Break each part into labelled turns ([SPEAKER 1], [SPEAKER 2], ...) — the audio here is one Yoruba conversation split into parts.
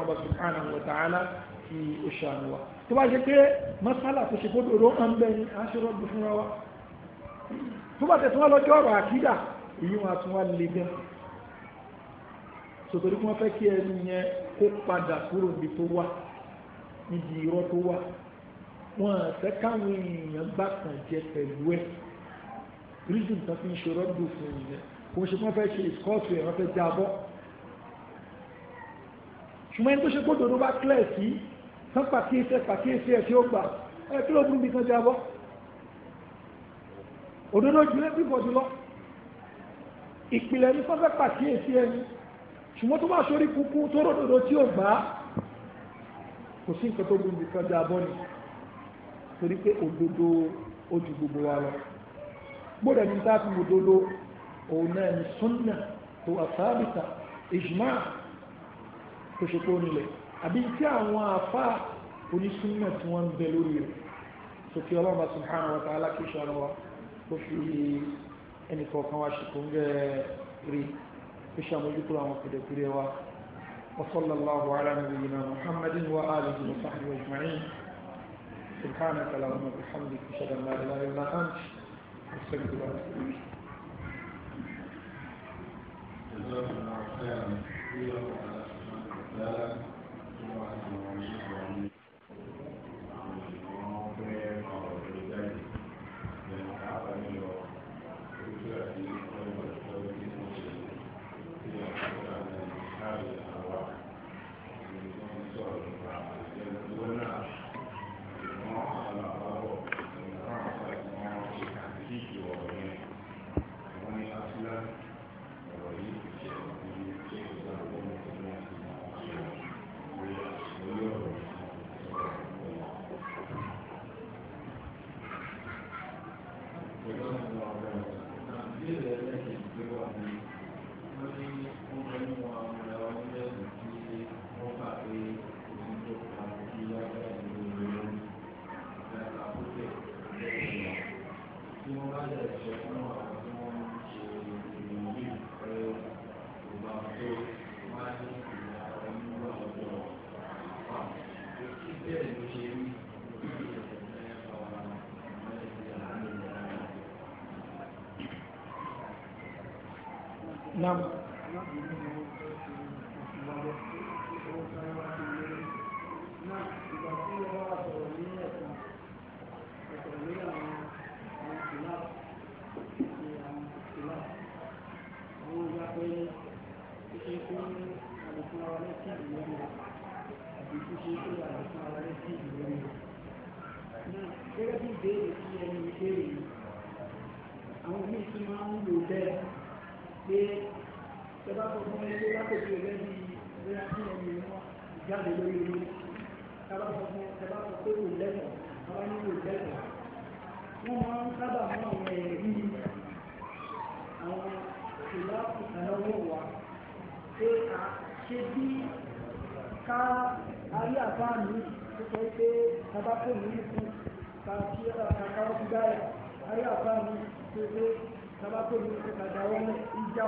[SPEAKER 1] ọba subhanahu wa ta'ala fi oṣù àná wa tó bá ṣe pé masala tó ṣe kó dòdó ń bẹ ní aṣọ́rọ́dù fúnra wa tó bá tẹ̀sán lọ́jọ́ ọ̀rọ̀ àkídà èyí wọn àtún wá lè gan sòtòrí kí wọ́n fẹ́ kí ẹni yẹn kó padà kúrò níbi tó wà níbi irọ́ tó wà wọn àfẹ́ káwọn èèyàn gbà kàn jẹ pẹ̀lú ẹ̀ rídùn tán fi ń ṣe rọ́dù fún ìyẹn kò ń ṣe kí wọ́n fẹ́ ṣe ìkọ́ọ̀tù ẹ̀ wọ́n fẹ́ jábọ́ ṣùgbọ́n ẹni tó ṣe gbọ́dọ̀ ló bá kílẹ̀ sí tán pàkíyèsí pàkíyèsí ẹ̀ tí ó gbà ẹ kí ló burú bí kan jábọ́ òdodo jùlọ bí bọ̀ jùlọ ìpìlẹ̀ ní fọ́fẹ́ pàkíyèsí ẹni ṣùgbọ́n tó bá sórí kúkú tó ròdòdó tí ó gbà á kò sí nǹkan tó burú bí kan jábọ́ ni torí pé òdodo ó ju gbogbo wa lọ gbọ́dọ̀ ní tá a fi òdodo òun náà ní súnnà tó àsáàbìtà ìjùmáà kò ṣe kó nílẹ̀ àbí tí àwọn àfá onísúnnà tí wọ́n ń bẹ lórí rẹ̀ tó kí ọlọ́mà subhanahu wa ta'ala kí ṣàrọ wa ó fi ẹnì kọ̀ọ̀kan wa ṣe kó rí ó ṣàmójúkúrò àwọn pẹ̀lẹ̀pẹ̀lẹ̀ wa وصلى الله على نبينا محمد وآله وصحبه أجمعين سبحانك اللهم وبحمدك أشهد أن لا إله إلا أنت أستغفرك وأتوب
[SPEAKER 2] إليك لا لا
[SPEAKER 1] Now,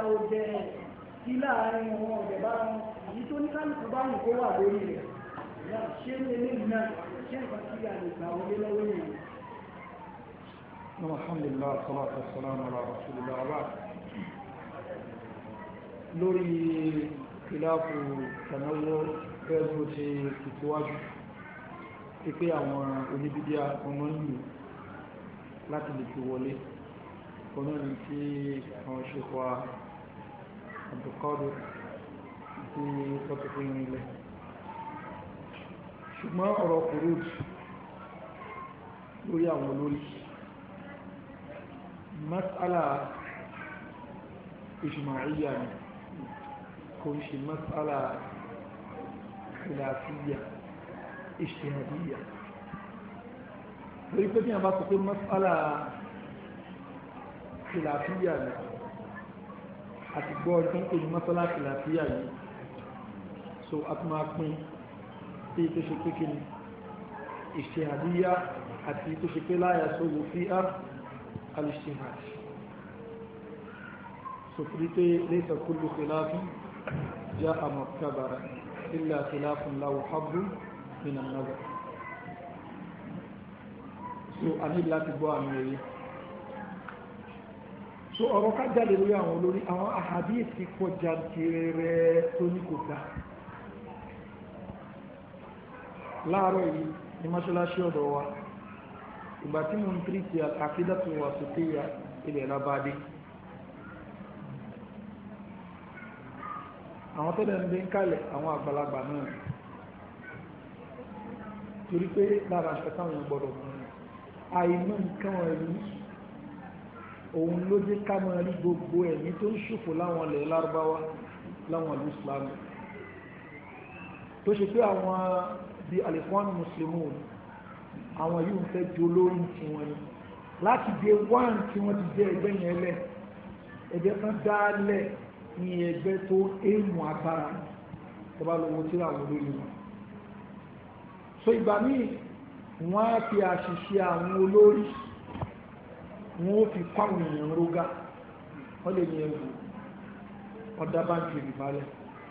[SPEAKER 1] ó jẹ́ ẹ̀ tí láàárín wọn ọ̀dẹ̀ bá wọn èyí tó ní kálukú bá yìí kó wà lórí rẹ̀ ṣé ní eléyìí náà lè gbà wọlé lọ́wọ́ yẹn. alhamdulillah lórí kìláàfù tànáwó fẹ́ẹ̀bù ti tìtíwájú pípé àwọn oníbídíà ọmọ yìí láti lè fi wọlé ọmọ ní tí àwọn ṣe kọ́ Abdulkadir tí wọ́n ti fún ilẹ̀ ṣùgbọ́n ọ̀rọ̀ kùrúdù lórí àwọn olórí masala ìṣùmọ̀ríyà ni kò ń ṣe masala ìlàfíyà ìṣẹ̀ríyà torí pé tí a bá sọ pé masala ìlàfíyà ni àti gbọ́ ọdún tó ní mọ́sálásí làáfíà yìí so a tún máa pín sí tó ṣe pé kí ni ìṣe àdíyá àti tó ṣe pé láyà sówó fi á alìṣèhàd so kiri pé lẹ́sà kúlù fìlàfún já àmọ̀ kábàrà ilà fìlàfún láwọ̀ hábù nínú náà so a ní láti gbọ́ àmì ẹ̀yẹ so ọ̀rọ̀ ká jáde lórí àwọn olórí àwọn àhàdíìsì kọjá tirẹrẹ tó ní kò dá láàárọ̀ yìí ní mọ́ṣáláṣí ọ̀dọ̀ wa ìgbà tí mo ń tírìtì àkídàtò wà sókè ya ilẹ̀ labadé àwọn tó dẹ̀ ń dé ń kalẹ̀ àwọn àgbàlagbà náà torí pé lára aṣọ táwọn gbọ́dọ̀ mú àìmọ̀ nǹkan ẹ̀rí òun ló jẹ́ ká máa rí gbogbo ẹ̀mí tó ń ṣòfò láwọn ilẹ̀ lárúbáwá láwọn ìlú islam tó ṣe pé àwọn bíi alifuan muslimun àwọn yìí ń fẹ́ di olórí tiwọn ni láti dé wán tí wọ́n ti jẹ́ ẹgbẹ́ yẹn lẹ̀ ẹgbẹ́ kan dálẹ̀ ní ẹgbẹ́ tó éèmù agbára tó bá lọ́wọ́ tí àwọn olórí wọn so ìgbà míì wọ́n á fi àṣìṣe àwọn olórí wọ́n fi kọ́ àwọn èèyàn rógá wọ́n lè ní ẹ̀wù ọ̀dá báńkì rìbá lẹ̀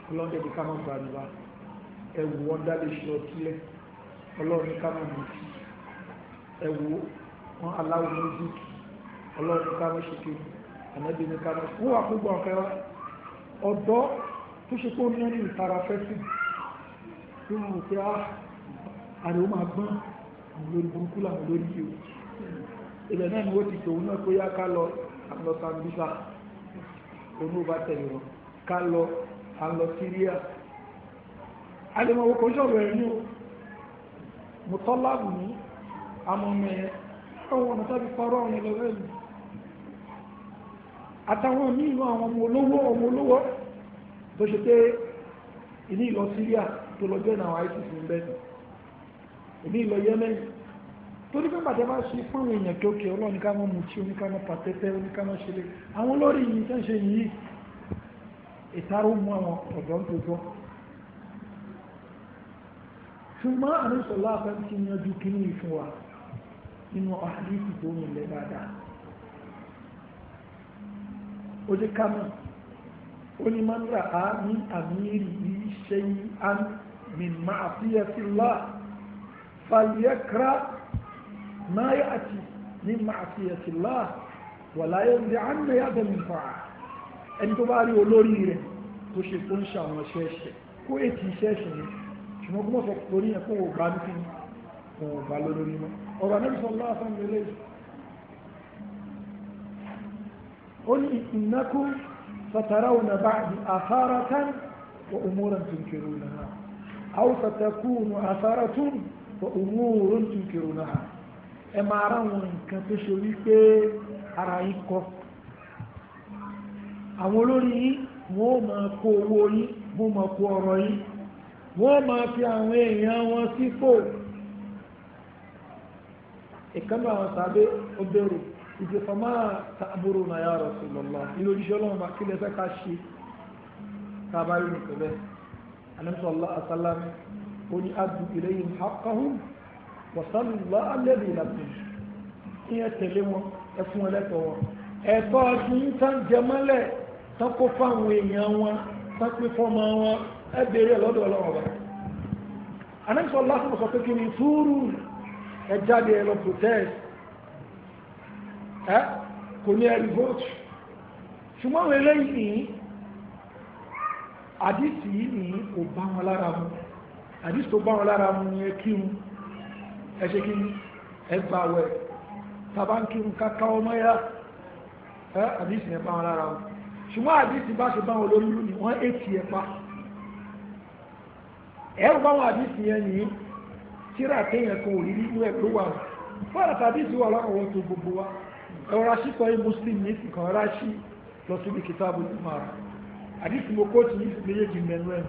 [SPEAKER 1] ọlọ́dẹ ní ká má gba rìbá ẹ̀wù ọ̀dá lè ṣe ọtí lẹ̀ ọlọ́run ní ká má mú ti ẹ̀wù wọn aláwọ̀ mọ́síkì ọlọ́run ní ká má ṣe kéwù ànábì ní ká má wọ́n wà fún gbọ̀ǹkẹ́ wa ọ̀dọ́ tó ṣe kó ní ìtara fẹ́sì tí wọ́n rò pé ah, àrẹ ó máa gbọ́n lórí burúkú làwọn lórí yìí ilẹ̀ náà ni ó ti tòun náà tó yá ká lọ àlọ́ sambisa onúbà tẹ̀lé wọn ká lọ àlọ́ síríà alẹ́mọ̀wò kò sọ̀rọ̀ ẹ̀ ní o mùtọ́láàbù ní amọ̀mẹ́ àwọn ọ̀nà tàbí parọ́ àwọn ẹlẹ́wẹ́ mi àtàwọn míì náà àwọn ọmọ olówó ọmọ olówó tó ṣe pé ilé ìlọ síríà tó lọ jẹ́ náà àìsí sí ń bẹ́ẹ̀ ilé ìlọ yẹ́mẹ́yìn torí pé bàtẹ́ bá ṣe fún àwọn èèyàn kéòkè ọlọ́ni ká mọ́ mutí oníkámọ́ pàtẹ́tẹ́ oníkámọ́ ṣe lé àwọn olórí yìí tẹ́ ń ṣe yìí ìtara ó mú àwọn ọ̀dọ́ ń tòótọ́ ṣùgbọ́n àrísọ̀lá afẹ́ ti yanjú kíní ìfún wa nínú àdíkì tó nílẹ̀ dáadáa ó jẹ́ ká mọ̀ ó ní máa ń ní àmìrì yìí ṣe yìí á ní máa fi ẹ̀ sí lá fàlẹ́ kra ما يأتي من معصية الله ولا يمضي عنا يدا من طاعة ẹni tó bá rí olórí rẹ̀ tó ṣe tó ń ṣàwọn ṣẹ́ṣẹ́ kó ètì ṣẹ́ṣẹ́ ni ṣùgbọ́n kó mọ̀sọ̀ torí ẹ̀ kó bá ní fún ọ̀rọ̀ bá lórí mọ́ ọ̀rọ̀ Ànábì sallallahu alaihi wasallam ó ní innakum satarawna ba'di atharatan wa umuran tunkirunaha aw satakunu atharatun wa umurun tunkirunaha ẹ máa ráwọn nǹkan tó ṣe wípé ara yín kọ àwọn olórí yín wọ́n máa kó owó yín wọ́n máa kó ọrọ̀ yín wọ́n máa fi àwọn èèyàn wọn sípò ìkànnì àwọn sábẹ́ ó bẹ̀rù ìdí fama tààbúrò náà ya Rasulullah oníṣẹ́ ọlọ́run bá kílẹ̀ fẹ́ ká ṣe tábàrí nìkan bẹ́ẹ̀ alẹ́sọ̀lá asálàmì ó ní adùn ilayhim haqqahum wọ̀sánlùlọ́ alẹ́bí ìlàtọ̀ kí ẹ tẹ̀lé wọn ẹ fún ẹlẹ́tọ̀ wọn ẹ̀tọ́ ọdún yìí tán jẹmọ́lẹ̀ tán kó fáwọn èèyàn wọn tán pín fọ́mọ wọn ẹ béèrè lọ́dọ̀ ọlọ́wọ́ wa anáṣọ lásìkò sọ pé kí ni túrú ẹ jáde ẹ lọ protest ẹ kò ní ẹ revolt ṣùgbọ́n àwọn eléyìí ní àdìsí yìí ní kò bá wọn lára mu àdìsí tó bá wọn lára mu ni ẹ kírun ẹṣẹ́ kí ní ẹgbà wẹ̀ tàbánkìrù káká ọmọ yá àdísì ẹ̀pá wọn lára wọn ṣùgbọ́n àdísì bá ṣe bá wọn lórí lú ni wọ́n ètì ẹ̀pá ẹ̀rù bá wọn àdísì yẹn ní tíra téèyàn kan òrírí inú ẹ̀ ló wà fọ́nà tàdísì wà láwọn tó gbogbo wa ẹ̀rọ aṣípọ̀ ẹ̀ muslim ní ìkàn ráṣí lọ síbi kìtàbù ní mara àdísì mo kóòtù ní méjèèjì mẹ́nu ẹ̀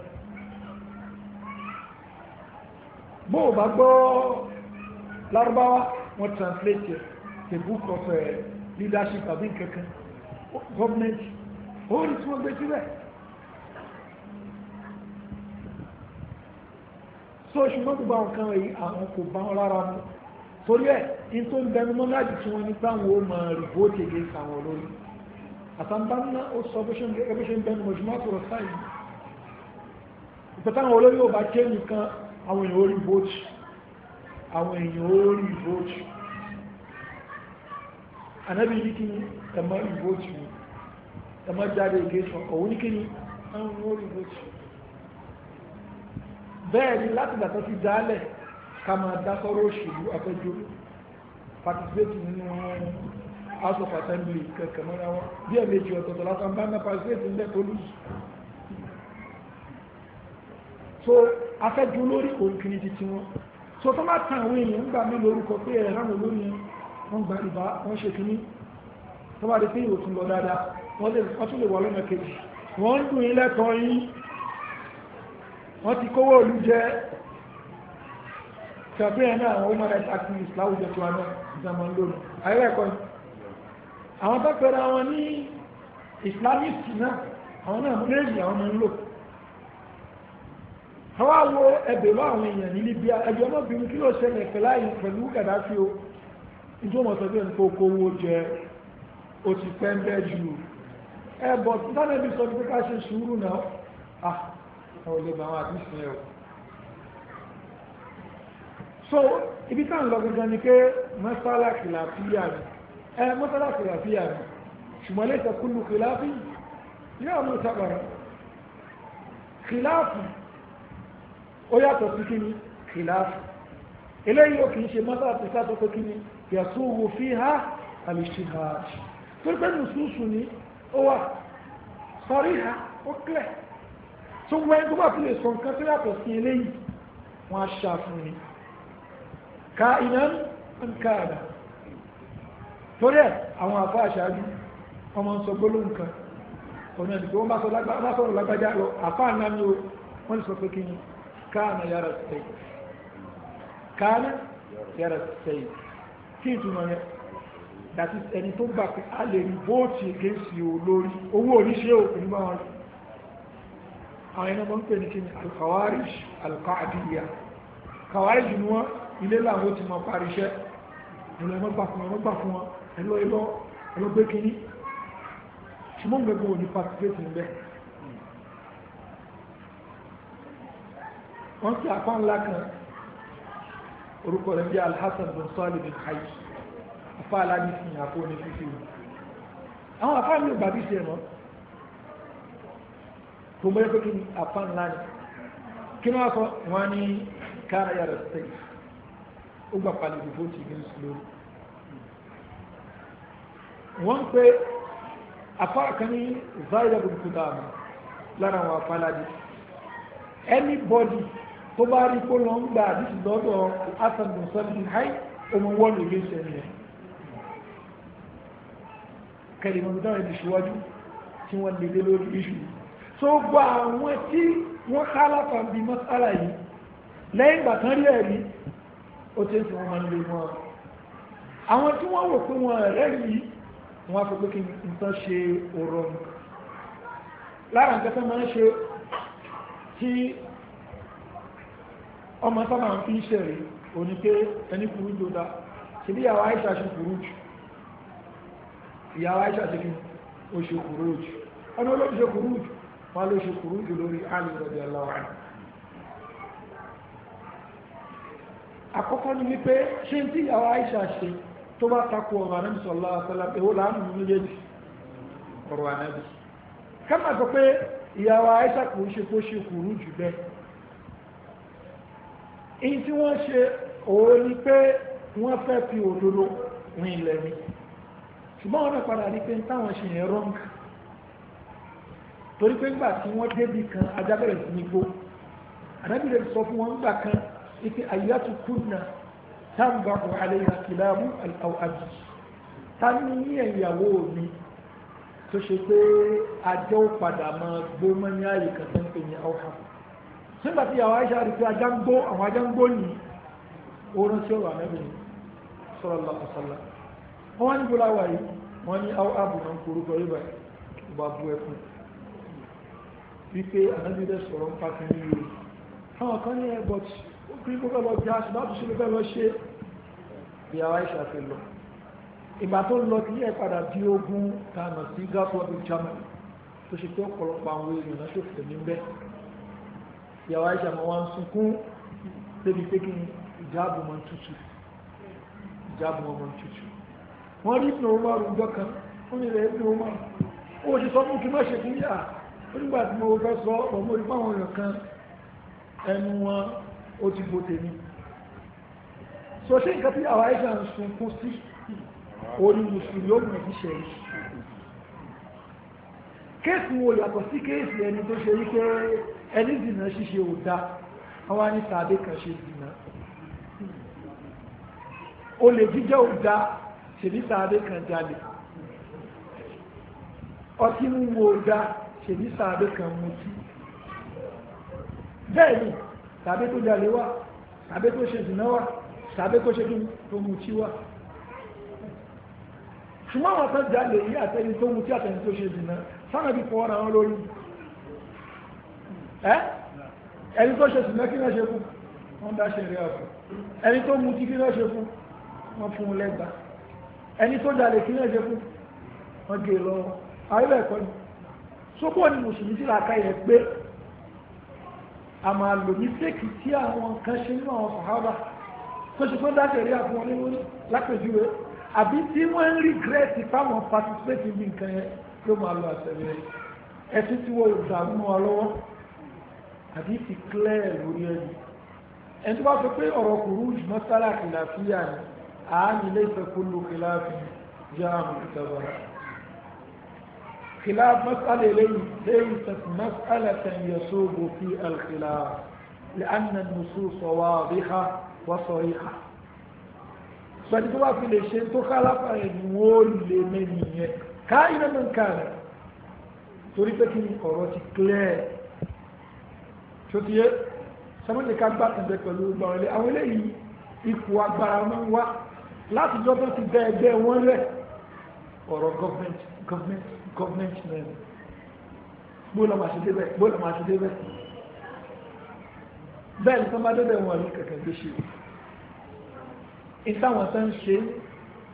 [SPEAKER 1] bó o bá gbọ́ lárúbáwá wọ́n translate it the book of uh, leadership àbí kankan government ó rí tí wọ́n gbé síbẹ̀ so ṣùgbọ́n gbogbo àwọn kan yìí àwọn kò bá wọn rárá mu torí ẹ̀ in tó ń bẹnu mọ́ láti tí wọ́n ní táwọn ó máa rìbóòtì against àwọn olórí àtàǹbáná ó sọ bó ṣe ń bẹnu mọ̀júmọ́ àtọ̀rọ̀ sáyìn ìpẹ́tàwọn olórí ò bá jẹ́ nìkan àwọn èèyàn ó rìbóòtì àwọn èèyàn ó rí ìvóòtù anábì ní kí ni ẹmọ ìvóòtù ẹmọ jáde ìgbésọ òun ní kí ni ẹmọ ó rí ìvóòtù bẹ́ẹ̀ ni láti gbàtọ́ ti dálẹ̀ ká máa dá sọ́rọ̀ òṣèlú afẹ́jọ́ participate nínú house of assembly kẹ̀kẹ́ mọ́ra wọn bí ẹ̀mẹ́jì ọ̀tọ̀ọ̀tọ̀ lásán bá mẹ́ participate nílẹ̀ tó lùsù so afẹ́jú lórí òǹkìní ti tiwọn so tó má tàn àwọn èèyàn ń gbà mí lórúkọ pé ẹ̀rọ àwọn olóyìn wọn gba ìbá wọn ṣe kìíní tó bá di pé ìwò tún lọ dáadáa wọn lè wọn tún lè wọ lọ́nà kejì wọn ń dùn yín lẹ́tọ̀ọ́ yín wọn ti kówó òlu jẹ tàbí ẹ̀ náà àwọn human rights activists láwùjọ tiwa náà ìjàmọ̀ lónìí ayẹ́rẹ́kọ́ yìí àwọn tó pẹ̀lú àwọn ní islamist náà àwọn náà méjì àwọn máa ń lò àwọn awo ẹbẹ̀ lọ àwọn èèyàn ní Libya ẹjọ́ náà bí kí ló ṣẹlẹ̀ pẹ̀lú àyè pẹ̀lú Gaddafi o nítorí wọn sọ pé nǹkan oko owó jẹ o ti pẹ́ ń bẹ́ ju ẹbọ̀ tánàbí sọ pé ká ṣe sùúrù náà ah ọ̀ lè bá àwọn àdúsìn ẹ̀ o so ibi tá à ń lọ gangan ni pé mọ́sálà kìláfíà ni ẹ mọ́sálà kìláfíà ni ṣùgbọ́n lẹ́sẹ̀ kúlù kìláfí yóò mú sábàrà kìláfì ó yàtọ̀ sí kí ni kìláàfù eléyìí ò kì í ṣe mọ́tà àti sáàtọ̀ pé kí ni yàtọ̀ owó fi ha al-ijtihad tó pé nùsùsù ni ó wà sọrí ha ó kílẹ̀ tó wẹ́ tó bá fi lè sọ nǹkan tó yàtọ̀ sí eléyìí wọ́n á ṣàfihàn ni ka iná ń ká àdá torí ẹ̀ àwọn àfá àṣáájú ọmọ ń sọ gbólóhùn kan ọ̀nà ìdìbò wọn bá sọ̀rọ̀ lágbájá lọ àfá àná ni wọ́n lè sọ pé kí ni كان يرى السيف كان يرى السيف kí ìtumọ̀ rẹ̀ that is ẹni tó gbà pé a lè rí bóòtì gẹ́ẹ̀sì olórí owó oníṣẹ́ òkùnrin máa rí àwọn ẹni ọmọ ń pè ní kí ni alkawarij alkaadiya kawarij ni wọ́n ilé láwọn ti mọ parí iṣẹ́ ẹlọ ẹmọ́gbà fún ẹmọ́gbà fún wọn ẹlọ ẹlọ ẹlọgbé kínní ṣùgbọ́n gbẹ̀gbẹ̀ òní participate níbẹ̀ wọ́n ti àpá ńlá kan orúkọ rẹ̀ bí alhassan bin sọ́ọ̀lì bin hayi afá aládìsìn àpò ní fífi wọn àwọn afá mi ò bàbí ṣe mọ́ tó mọ́ pé kí ni afá ńlá ni kí ni wọ́n sọ wọ́n ní kára yàrá sẹ́yìn ó gbà palẹ̀ ìdìbò ti gbé lórí wọ́n pé afá kan ní zaire bin kudama lára àwọn afá aládìsìn anybody tó bá rí kó lọ ń gba àdìsí lọ́dọ̀ asàdùn sọ́dún háì ọmọ wọ́ọ̀lù ilé ìṣẹ̀lẹ̀ rẹ̀ kẹlẹ̀ mọ̀ dáwọn ibi ṣíwájú tí wọ́n lè lé lórí iṣu tó gba àwọn tí wọ́n kálàfà bí mọ́sálà yìí lẹ́yìn ìgbà tán rí ẹ̀rí ó tẹ́ sí wọn máa ń lè wọn àwọn tí wọ́n wò pé wọn rẹ̀ yìí wọ́n á fi pé kí nǹkan ṣe ọ̀rọ̀ lára nǹkan tó máa ń ṣe tí ọmọ sábà ń fi ń ṣẹ̀rí òní pé ẹni kúrú ló dá ṣe bí ìyàwó àìṣà ṣe kúrú jù ìyàwó àìṣà ṣe kí ó ṣe kúrú jù ọdún olóòtú ṣe kúrú jù wọn ló ṣe kúrú jù lórí Ali radiyallahu anhu àkọ́kọ́ ni wípé ṣé tí ìyàwó àìṣà ṣe tó bá takò ọ̀rọ̀ ànábì sallallahu alaihi wasallam èwo láàánú méjèèjì ọ̀rọ̀ ànábì ká sọ pé ìyàwó àìṣà kò ṣe kó ṣe kúrú jù bẹ́ẹ̀ èyí tí wọ́n ṣe òun ni pé wọ́n fẹ́ fi òdodo rìn ilẹ̀ ni ṣùgbọ́n wọn náà padà rí pé táwọn ṣe yẹn wrong torí pé nígbà tí wọ́n débi kan ajábẹ̀rẹ̀ sí ní gbó àdábìrẹ̀ sọ fún wọn nígbà kan ipe àyàtú kùnà táǹbà ọ̀hálẹ̀ ìhàkìlámù àbí ta ní ní ẹ̀yàwó mi tó ṣe pé ajọ́ padà máa gbó mọ́ ní àyè kan tó ń pè ní ọ̀hálẹ̀ nígbà tí àwọn aṣáà rí pé ajá ń gbó àwọn ajá ń gbó ní oorun tí ó wà nẹ́bí sallallahu alaihi wasallam wọ́n wá ní gbọ́lá wà yìí wọ́n ní àwọn àbùnà ń korúkọ yìí báyìí ọba bú ẹkùn wípé ànábìdẹ sọ̀rọ̀ ń pàtó ní ìlú àwọn kan ní airport eh, ó kiri kó fẹ́ lọ bí aṣọ láti ṣe ló fẹ́ lọ ṣe bí àwọn aṣáà fi lọ ìgbà tó lọ sí ẹ̀ padà bí ogun tànà sí gáfọ́ bí germany tó ṣe pé ọ̀pọ̀lọpọ̀ àwọn èèyàn náà ṣòfò níbẹ̀ ìyàwó àìṣà mọ́ wá ń sunkún débi pé kí ìjáàbù mọ́ tútù ìjáàbù mọ́ tútù wọ́n rí ìpínlẹ̀ ọmọ àrùjọ kan ó ní ilẹ̀ ìpínlẹ̀ ọmọ ó ti sọ fún kí má ṣe fún yà ó nígbà tí mo fẹ́ sọ ọmọ orí fáwọn èèyàn kan ẹnu wọn ó ti bo tèmi so ṣé nǹkan tí ìyàwó àìṣà ń sunkún sí orí mùsùlùmí ó gbọ̀n fi ṣẹ̀yìn kéèsì wo yàtọ̀ sí kéèsì ẹni tó ṣe wípé ẹni dìnà ṣíṣe ò dá àwọn ní tàbí kan ṣe dìnà olè jíjẹ́ ò dá ṣèbí tàbí kan jalè ọtí mímu ò dá ṣèbí tàbí kan mutí bẹ́ẹ̀ ni tàbí tó jalè wà tàbí tó ṣe dìnà wà tàbí tó ṣe tó mutí wà ṣùgbọ́n àwọn tó yìí àtẹni tó mutí àtẹni tó ṣe dìnà sáà bí fọwọ́ra wọn lórí ẹ́ ẹni tó ṣe sílẹ̀ kí wọ́n ṣe fún wọ́n dá ṣe rí ọ̀fẹ́ ẹni tó mú tí kí wọ́n ṣe fún wọ́n fún un lẹ́gbàá ẹni tó jalè kí wọ́n ṣe fún wọ́n gé e lọ́wọ́ ayọ́lẹ̀ ẹ̀kọ́ ni sókò ni mùsùlùmí sí làákà yẹn pé a máa lò ní fèkì tí àwọn kan ṣe nínú àwọn sàhábà tó ṣe tó dá ṣe rí àfún wọn nínú lápèjúwe àbí tí wọ́n ń rígrẹ́tì fáwọn participate ní nǹkan yẹn ló máa lọ àtẹ̀lé ẹ̀sìn tí wọ́n ò dààmú wa lọ́wọ́. àdífì clear lórí ẹni ẹni tó bá sọ pé ọ̀rọ̀ kùrúùjù mọ́sálà kìláfíà ni àánì ilé ìfẹ́kúlù kìláfì jẹ́ àmì ìtẹ̀wọ̀ خلاف مسألة ليست مسألة يسوغ في الخلاف لأن النصوص واضحة وصريحة sọ́ni tó bá fi lè ṣe tó kálàfà rẹ̀ ni wọ́n lè mẹ́rin yẹn káyìnà mọ̀ nǹkan rẹ̀ torí pé kí ni ọ̀rọ̀ ti clear tó ti yé sọmọdé ká gbà tẹ̀sẹ̀ pẹ̀lú gbọ̀nrẹ̀lẹ̀ àwọn eléyìí ipò agbára máa ń wá láti jọ tó ti bẹ ẹgbẹ́ wọn rẹ̀ ọ̀rọ̀ gọ́ọ̀mẹ̀ntì gọ́ọ̀mẹ̀ntì gọ́ọ̀mẹ̀ntì náà bóòlù máa ṣe débẹ̀ bóòlù máa ṣe débẹ̀ bẹ́ẹ̀ ni sọmọdé bẹ̀ wọn rí kẹ̀kẹ́ gbé ṣe ìtàwọn tó ń ṣe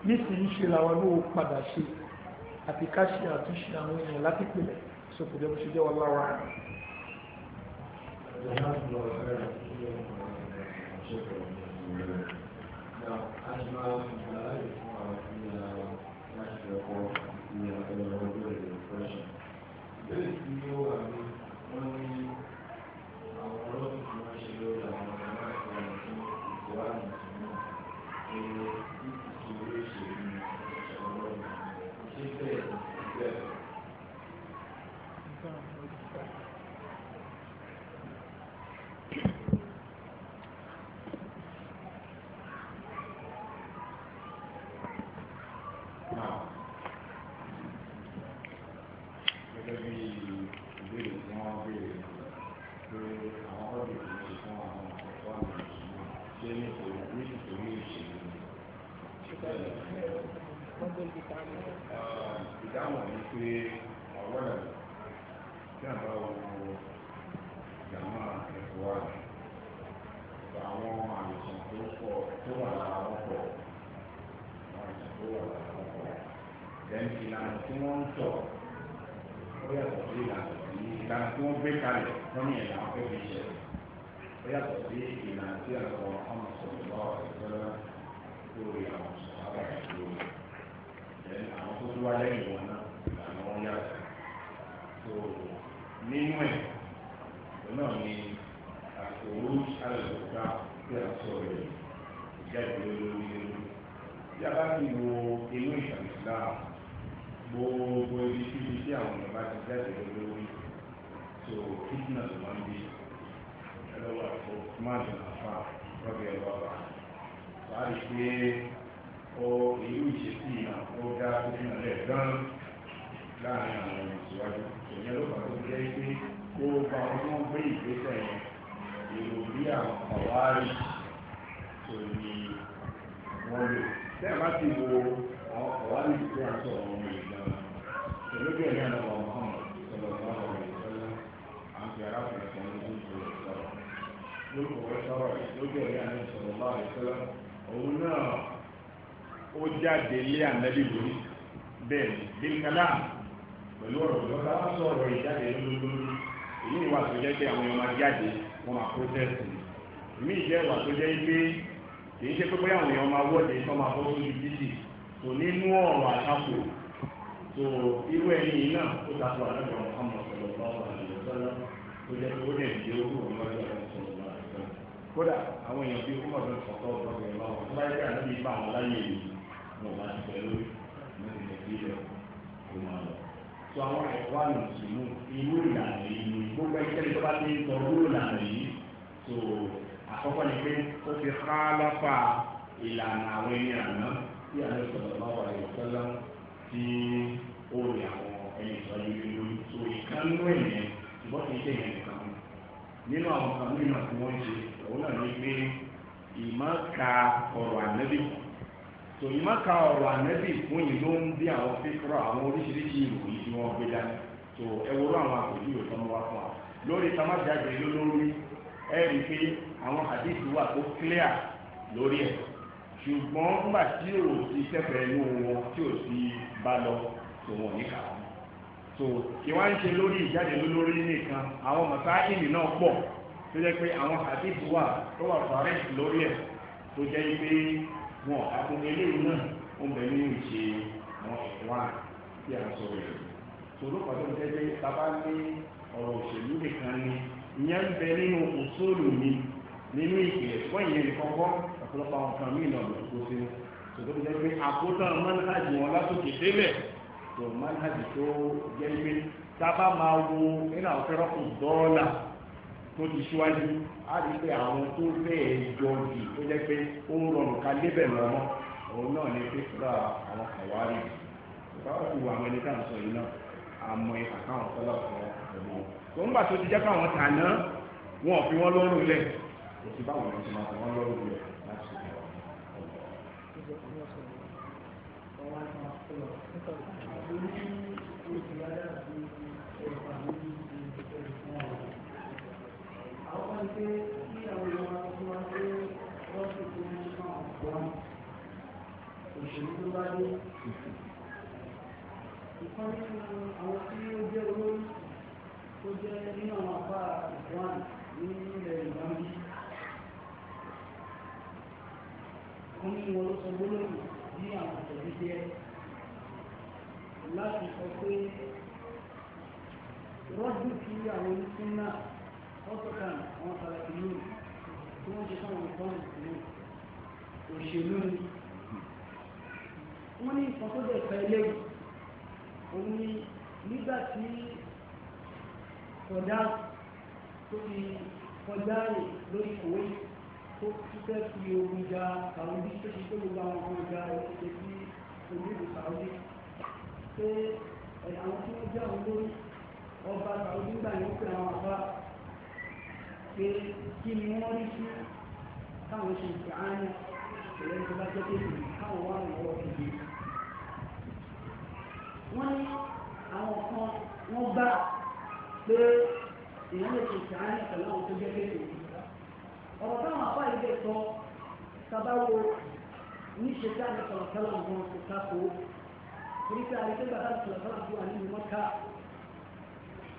[SPEAKER 1] nísìnyí ṣe làwọn ló padà ṣe àti ká ṣe àtúnṣe àwọn èèyàn láti pèlè sọkùnrin ọmọ ṣe jẹ́ wọn láwọn Now, as my gbé kalẹ̀ tẹ́ ẹ bá ti wo àwárí ìdílé àti ọ̀rọ̀ ọmọ ìjọba pẹ̀lú bí ẹ̀yà lọ́wọ́ ọ̀hún sọ̀rọ̀ ọ̀rọ̀ ọ̀rọ̀ ìjọba àti arákùnrin kan ní ojú ìjọba lórúkọ rẹ sọ̀rọ̀ lójú ẹ̀yà ní sọ̀rọ̀ ọ̀rọ̀ ìjọba òun náà ó jáde lé ànábì lórí bẹ́ẹ̀ bíkálá pẹ̀lú ọ̀rọ̀ ìjọba sọ̀rọ̀ ìjáde lórí èyí ìwà tó jẹ́ pé àwọn ọmọ jáde wọn máa protest mi ìjẹ́ ìwà tó jẹ́ pé kì í ṣe pé bóyá àwọn èèyàn máa wọ́de kọ́ máa bọ́ sórí títì kò ní mú ọ̀rọ̀ àtakò tó irú ẹni yìí náà ó takò àlejò ọmọ ọ̀sọ̀rọ̀ lọ́wọ́ àlejò sọ́lá tó jẹ́ pé ó dẹ̀ ní owó ọmọ ẹgbẹ́ ọ̀sọ̀rọ̀ lọ́wọ́ àlejò kódà àwọn èèyàn bíi ọmọ ọ̀sọ̀rọ̀ sọ̀tọ̀ ọ̀sọ̀rọ̀ lọ́wọ́ bá yẹ kí àná bíi bá àwọn láyé yìí wọn bá ti pẹ̀lú tó àkọ́kọ́ ni pé ó fi kálápà ìlànà àwọn ẹni àná tí àlẹ́ sọ̀rọ̀ bá wà lọ́sọ́lá tí ó rí àwọn ẹni sọ̀rọ̀ yìí lórí tó ìkánú ẹ̀yẹ ṣùgbọ́n kì í ṣe ìyẹn nìkan nínú àwọn kan nínú àti wọ́n ṣe òun náà ní pé ìmọ̀ọ́ka ọ̀rọ̀ ànábì tò ìmọ̀ọ́ka ọ̀rọ̀ ànábì fún yìí ló ń bí àwọn fífúrọ̀ àwọn oríṣiríṣi ìròyìn tí wọ́n gbé àwọn hadith wà tó clear lórí ẹ̀ ṣùgbọ́n nígbà tí ò ti sẹ́fẹ̀ẹ́ inú wọn tí ò ti bá lọ tó wọn ní kàwọn so kí wọ́n ń ṣe lórí ìjáde lórí nìkan àwọn mọ̀sáìlì náà pọ̀ tó jẹ́ pé àwọn hadith wà tó wà fàrẹ́ǹtì lórí ẹ̀ tó jẹ́ pé wọn àkókò eléyìí náà ó ń bẹ nínú ìṣe àwọn ẹ̀wà tí a sọ rẹ̀ sọ̀rọ̀ pàtó ń tẹ́lẹ̀ tábà ní ọ̀rọ̀ òṣèlú nìkan ni ìyẹn ń bẹ nínú òṣòlù mi nínú ìpìlẹ̀ fún ìyẹn ìkọ́kọ́ ọ̀pọ̀lọpọ̀ àwọn kan mí ìlànà tó ṣe wọn tòtò tó jẹ́ pé àkótán manhajì wọn látòkè délẹ̀ tó manhajì tó jẹ́ pé sábà máa wo nínú àwọn fẹ́rọ́kù dọ́ọ̀là tó ti ṣíwájú á rí pé àwọn tó bẹ́ẹ̀ jọ jù tó jẹ́ pé ó ń rọrùn ká débẹ̀ lọ́mọ́ òun náà ní pípúra àwọn kàwárì ìbáwọ̀ ti wà àwọn ẹni tá à ń sọ yìí náà àmọ́ ìkàkà àwọn tọ́lá kan ọ̀gbọ̀n tó òsì báwọn ọmọ tó máa tẹ̀ lọ́rùn rẹ̀ láti ṣe ìwà.
[SPEAKER 2] Ìkọ́ni àwọn tí
[SPEAKER 1] ó jẹ́ olórí tó jẹ́ nínú àwọn àpá ìwọ̀n. fún nínú ní àwọn ìtọ́jú jẹ́ láti sọ pé rọ́dù kí àwọn oníṣẹ́ náà ọ̀tọ̀kan àwọn tàbí lónìí tí wọ́n ṣe fáwọn ìfọ́nù ìlú òṣèlú ni wọ́n ní nǹkan tó dẹ̀ òun ni nígbà tí kọjá tó fi kọjá lórí kòwé tó fẹ́ fi omi ja sàwùdí tó ti tó gbogbo àwọn ọmọ ìjà ìṣe sí orílẹ̀ sàwùdí pé àwọn tí wọ́n jẹ́ àwọn lórí ọba sàwùdí gbà yóò pè àwọn àbá pé kí ni wọ́n rí sí káwọn ṣe ìgbà ánì ìrẹ́ tó bá jẹ́ kéèké káwọn wà wọ́n ní àwọn kan wọ́n gbà pé ìyẹn lè ṣe ìgbà ánì pẹ̀lú tó jẹ́ kéèké ọ̀rọ̀ táwọn afá yìí lè sọ sábàwò níṣe tí a lè sọ̀rọ̀ sálà ń wọn kò káko torí pé àlejò bàbá sọ̀rọ̀ sálà tó wà nínú mọ́ká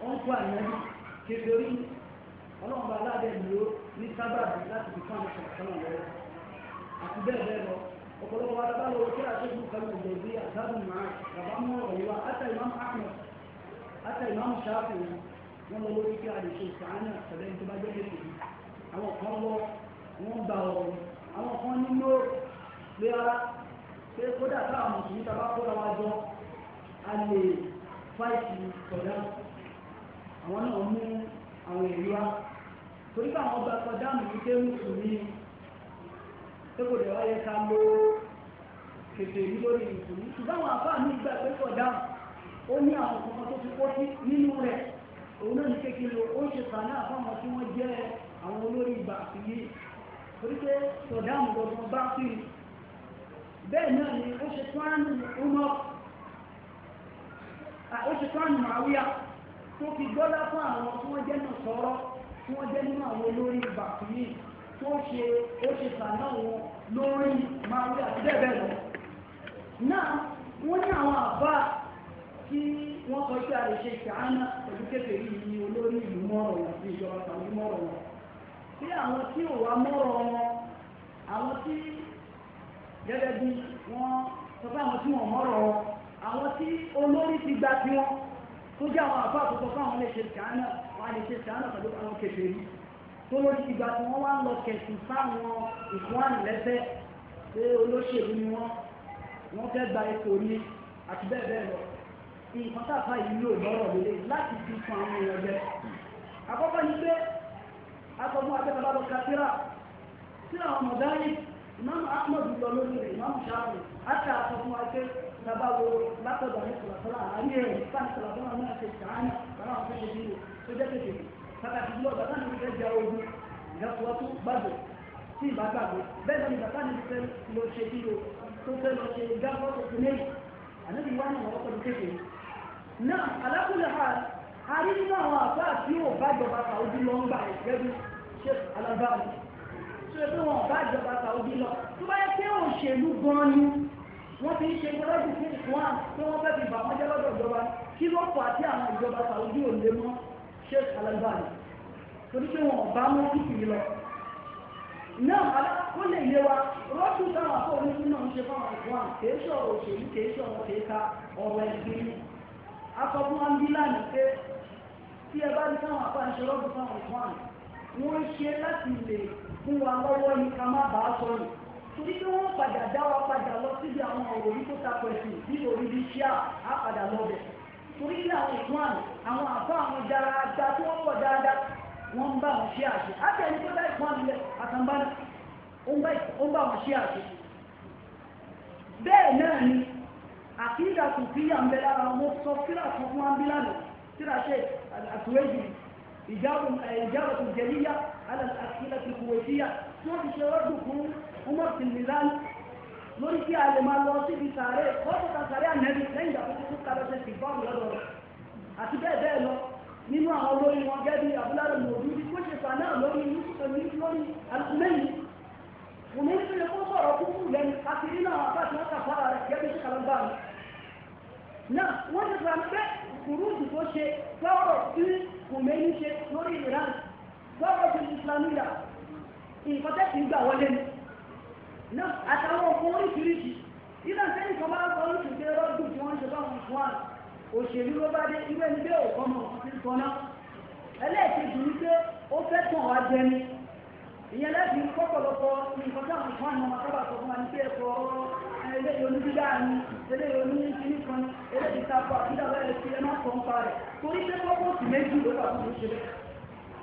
[SPEAKER 1] ọ̀nkú àyànjú kékeré ọlọ́run bá aládé lò ní sábàbí láti fi fáwọn sọ̀rọ̀ sálà lọ́wọ́ àti bẹ́ẹ̀ bẹ́ẹ̀ lọ ọ̀pọ̀lọpọ̀ wa dábàá lọ kí àti kan lè bí àtàbí màá bàbá mú ọ̀rọ̀ yìí wá àtà ìmáàmù Ahmed àtà ìmáàmù Ṣáfì wọn lọ lórí kí a lè ṣe ìsàánà tẹ̀lé ìjọba jẹ́ kékeré àwọn kan lọ wọ́n gba ọ̀rọ̀ àwọn kan nílò pé ara pé kódà táwọn mùsùlùmí tá a bá kóra wa jọ a lè fáìtì kọjá àwọn náà mú àwọn èrí wa torí pé àwọn ọgbà kọjá mi ní pé mùsùlùmí pé kò lè wáyé ká ló kètè yìí lórí mùsùlùmí ṣùgbọ́n àwọn àbá mi gbà pé kọjá ó ní àwọn kankan tó fi kó sí nínú rẹ̀ òun náà ní kékeré ó ṣe kàná àbáwọn tí wọ́n jẹ́ àwọn olórí ìgbà àti yìí torí pé sọ̀dáàmù gbọdọ̀ bá sí i bẹ́ẹ̀ náà ni ó ṣe tánù ọmọ ó ṣe tánù màáwíà tó fi gbọ́dá fún àwọn tí wọ́n jẹ́ náà sọ̀rọ̀ tí wọ́n jẹ́ nínú àwọn olórí ìgbà àti yìí tó ṣe ó ṣe tàná wọn lórí màáwíà àti bẹ́ẹ̀ bẹ́ẹ̀ lọ náà wọ́n ní àwọn àbá tí wọ́n sọ pé a lè ṣe ìṣàánà pẹ̀lú kékeré yìí olórí ìlú mọ́rọ̀ wọn ìjọba tàbí mọ́rọ̀ wọn sí àwọn tí ò wá mọ́rọ̀ wọn àwọn tí gẹ́gẹ́ bí wọ́n sọ fún àwọn tí wọ́n mọ́rọ̀ wọn àwọn tí olórí ti gba tiwọn tó jẹ́ àwọn àbá àkókò fún àwọn iléeṣẹ́ sàánà wọn iléeṣẹ́ sàánà pẹ̀lú àwọn kẹfẹ́ yìí tó lórí ti gba tiwọn wá ń lọ kẹ̀sìn fáwọn ìfúnwánì lẹ́sẹ̀ pé olóṣèlú ni wọ́n wọ́n fẹ́ gba ipò ní àti bẹ́ẹ̀ bẹ́ẹ̀ lọ nǹkan tá a fa ìlú òdọ́rọ̀ lélẹ̀ láti fi fún àwọn èèyàn jẹ àkọ́kọ́ ni pé akọ̀mú akẹ́kọ̀ọ́ kàtírà síra ọmọ dáyé ìmáàmù ahmed yọ lórí rẹ̀ ìmáàmù sáàmù àti àkọ́mú akẹ́ bàbá wo látọ̀dọ̀ ní sọ̀rọ̀sọ̀rọ̀ àárín ẹ̀rọ sáà sọ̀rọ̀sọ̀rọ̀ náà ṣe sàánà bàbá wọn fẹ́ẹ́ bí tó jẹ́ tètè pàtàkì jùlọ bàbá mi fẹ́ jẹ ogun ìyàtọ̀wọ́tú gbàgbọ́ sí ìbágbàgbé bẹ́ẹ̀ ni bàbá mi fẹ́ lọ ṣe kí o tó fẹ́ lọ ṣe gáfọ́ tuntun méjì ànábi wá ní àwọn ọkọ̀ kéèké náà alákùnrin ha a rí nínú àwọn àbá àti òbá ìjọba àwọn ojú lọ ń gbà ẹ̀gẹ́gẹ́ ṣe alábàárù ṣe pé wọn bá ìjọba sàwọ́dí lọ tó bá yẹ pé òṣèlú gan ni wọ́n ti ń ṣe gbọ́dọ̀ fún ìfún àwọn pé wọ́n fẹ́ fi bà wọ́n jẹ́ lọ́dọ̀ ìjọba kí ló fà á tí àwọn ìjọba sàwọ́dí ò lè mọ́ ṣe alábàárù torí pé wọn bá mú kíkiri lọ náà ó lè yé wa rọ́ọ̀tù táwọn àpò oníṣẹ́ náà ń ṣe fáwọn ìwọ̀n kìí sọ̀rọ̀ òṣèlú kìí sọ̀rọ̀ kìí ka ọ̀rọ̀ ẹ̀sìn akọ́kún ambílànì pé tí ẹ bá ní táwọn àpò àṣẹ rọ́ọ̀tù fáwọn wọ́n ṣe láti lè fún wa lọ́wọ́ ní ká má bàá sọ yìí torí pé wọ́n padà dá wa padà lọ síbi àwọn ọ̀rọ̀ yìí tó takọ̀ ẹ̀sìn nítorí bí ṣíà á padà lọ bẹ̀ torí ní àwọn ìfúnàmù àwọn àfọ àwọn dáadáa tí wọ́n pọ̀ dáadáa wọ́n ń bá wọn ṣe àṣẹ àtẹni tó dá ìfúnàmù lẹ̀ ó ń bá wọn إجابة جلية على الأسئلة الكويتية lórí ṣe rọ́dùn fún umar tìmìlán lórí kí a lè máa lọ síbi sàárè kọ́sọ̀tà sàárè ànẹ́bí lẹ́yìn ìgbà tó kúkú kalọ́sẹ̀ sí bọ́ọ̀lù lọ́dọ̀ rẹ̀ àti bẹ́ẹ̀ bẹ́ẹ̀ lọ nínú àwọn olórin wọn gẹ́gẹ́ bí abúlárẹ̀ mòdúdí tó ṣe fà náà lórí lórí alùmẹ́yìn òmìnir tó yẹ kó sọ̀rọ̀ kúkú lẹ́nu àti nínú àwọn àbáṣe wọn kà fara rẹ̀ gẹ́gẹ́ bí ṣe kàlọ́ náà wọ́n ti fà pé kùrúùtù tó ṣe lọ́rọ̀ tí kùmẹ́ni ṣe lórí Iran lọ́rọ̀ tó ti islamiyà nǹkan tẹ́sí gbà wọlé ni náà àtàwọn ọkọ̀ oríṣiríṣi ìlànà sẹ́yìn kan máa ń sọ oríṣiríṣi pé rọ́dùn tí wọ́n ń ṣe báwọn ìfúnwàn òṣèlú ló bá dé irú ẹni bẹ́ẹ̀ òkọ́ mọ̀ ti sọ náà ẹlẹ́ẹ̀kejì ni pé ó fẹ́ tàn wá jẹni ìyẹn láti kọ́pọ̀lọpọ̀ nǹkan táwọn ìfúnwàn náà máa sábà sọ fún wa ní pé ẹ̀kọ́ eléyìí onídídá ni eléyìí oníyíkiri kan ni eléyìí sábà àbídàbà ẹ̀ fi ẹmá kan pa rẹ̀ torí pé kọ́kọ́ọ̀tì méjì ló wà fún òṣèlú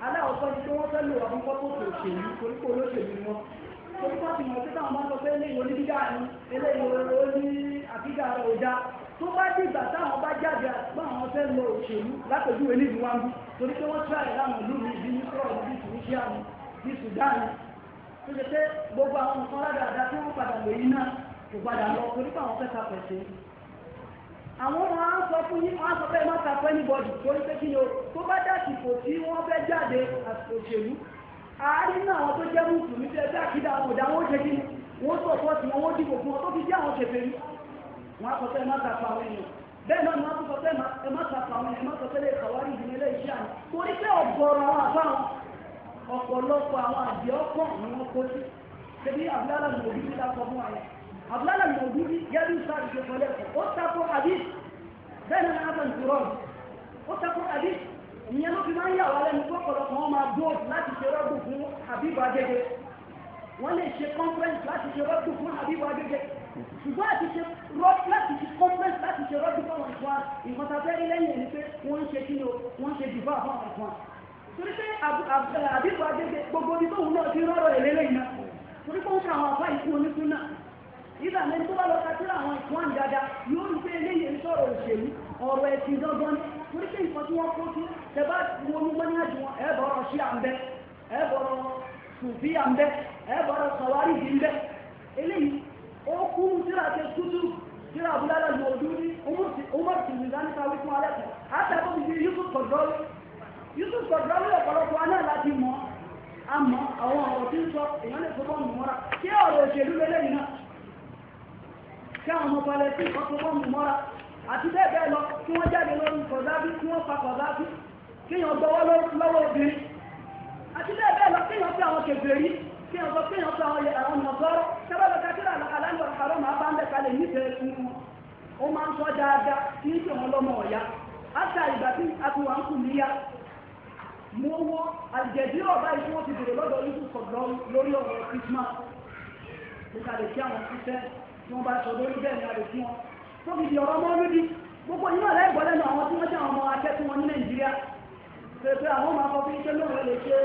[SPEAKER 1] aláwọ̀kọ́ ni pé wọ́n fẹ́ lò wà fún kọ́kọ́ọ̀tì òṣèlú torí pé olóṣèlú ni wọ́n torí pé àti mọ̀ sí táwọn bá sọ pé eléyìí onídídá ni eléyìí oní àbídà rẹ̀ ò dá tó bá dìgbà táwọn bá jáde àgbà àwọn fẹ́ lọ òṣèlú lápèjúwe nílùú wa ń bú torí pé wọ́n tíráyè láwọn ìlú mi bí ní sọ́ọ̀rọ̀ bí tùníṣíà ni bí Sudan ni tó ṣe pé gbogbo àwọn nǹkan ládàáda tí wọ́n padà lòyìn náà kò padà lọ torí pé àwọn fẹ́ ka pẹ̀ sí i àwọn wọn á sọ fún yín wọn á má ka pẹ́ níbọ̀dì torí pé kí ni o tó bá dàsìkò tí wọ́n fẹ́ jáde òṣèlú àárín náà àwọn tó jẹ́ mùsùlùmí tẹ́ fẹ́ àkídà àwọn òdà wọn ó jẹ́ kí wọ́n sọ fọ́ sí wọn wọ́n dìbò fún wọn tó fi jẹ́ àwọn kẹfẹ́ yìí wọ́n á sọ pé má ka pa àwọn èèyàn bẹ́ẹ̀ náà ni wọ́n tún sọ pé ẹ má sàpà àwọn ẹ má sọ pé lè kàwárí ìdílé lè ṣe àná torí pé ọ̀gọ̀rọ̀ àwọn àbáwọn ọ̀pọ̀lọpọ̀ àwọn àdìọ́kàn ni wọ́n kó sí ṣe bí abúlé alágbèbí ti dá sọ fún àyà abdullahi al-mawdudi yẹ́rù sáà ti ṣe pẹ̀lẹ́ ó takò hadith bẹ́ẹ̀ ni aban turon ó takò hadith ìyẹn ló fi máa ń yà wá lẹ́nu pọ́pọ̀lọpọ̀ wọn máa dúró láti ṣe rọ́gbù fún habibu agége wọ́n lè ṣe conference láti ṣe rọ́gbù fún habibu agége ṣùgbọ́n àti ṣe rọ́gbù láti ṣe conference láti ṣe rọ́gbù fún àwọn ìfọ́n ìfọ́n tàbí ẹni lẹ́yìn ẹni pé wọ́n ń ṣe kí ni o wọ́n ń ṣe jù bá àwọn ìfọ́n torí pé habibu agége gbogbo ibi tóun náà ti rọ́rọ̀ èlé lẹ́yìn náà torí pé ó ń ka àwọn àbá ìkú oníkú náà nígbà mẹ́rin tó bá lọ ka síra àwọn ìwọ́n dáadáa yóò ń pé eléyìí ń sọ̀rọ̀ òṣèlú ọ̀rọ̀ ẹ̀sìn dandan ní torí pé nǹkan tí wọ́n kó sí tẹ́bá wọn ní gbọ́n ní àjò wọn ẹ̀ẹ́bọ̀ ọ̀rọ̀ ṣí à ń bẹ́ ẹ̀ẹ́bọ̀ ọ̀rọ̀ sùfí à ń bẹ́ ẹ̀ẹ́bọ̀ ọ̀rọ̀ sọ̀wárì dì ń bẹ́ eléyìí ó kú síra ṣe kútù síra abúlálà lò ojú ní umar ti wípé alẹ́ yusuf kọ̀dọ́lù yusuf kọ̀dọ́lù ọ̀pọ̀lọpọ̀ alẹ́ láti mọ̀ àmọ́ àwọn ọ̀rọ̀ tí ń sọ èèyàn lè fọwọ́ mọ́ra kí ọ̀rọ̀ òṣèlú lélẹ́yìn náà kí àwọn ọmọ palẹ́tì ala tó bọ́ọ̀mù mọ́ra àti bẹ́ẹ̀ bẹ́ẹ̀ lọ kí wọ́n jáde lórí kọ̀dábí kí wọ́n pa kọ̀dábí kí èèyàn gbọ́wọ́ lọ́wọ́ obìnrin àti bẹ́ẹ̀ bẹ́ẹ̀ lọ kí èèyàn fi àwọn kí èèyàn sọ kí èèyàn fi àwọn bá ń bẹ̀ kalẹ̀ nífẹ̀ẹ́ fún wọn ó máa ń sọ dáadáa kí ọ̀yá tí a ti wà ń níyà wọ́n ti tí wọ́n bá sọ lórí bẹ́ẹ̀ ni a lè fún wọn tó fi di ọ̀rọ̀ mọ́ lódì gbogbo yìí ala lẹ́yìn gbọ́dọ̀ náà àwọn tí wọ́n jẹ́ ọmọ akẹ́kọ̀ọ́ wọn ní nàìjíríà àwọn lè ṣe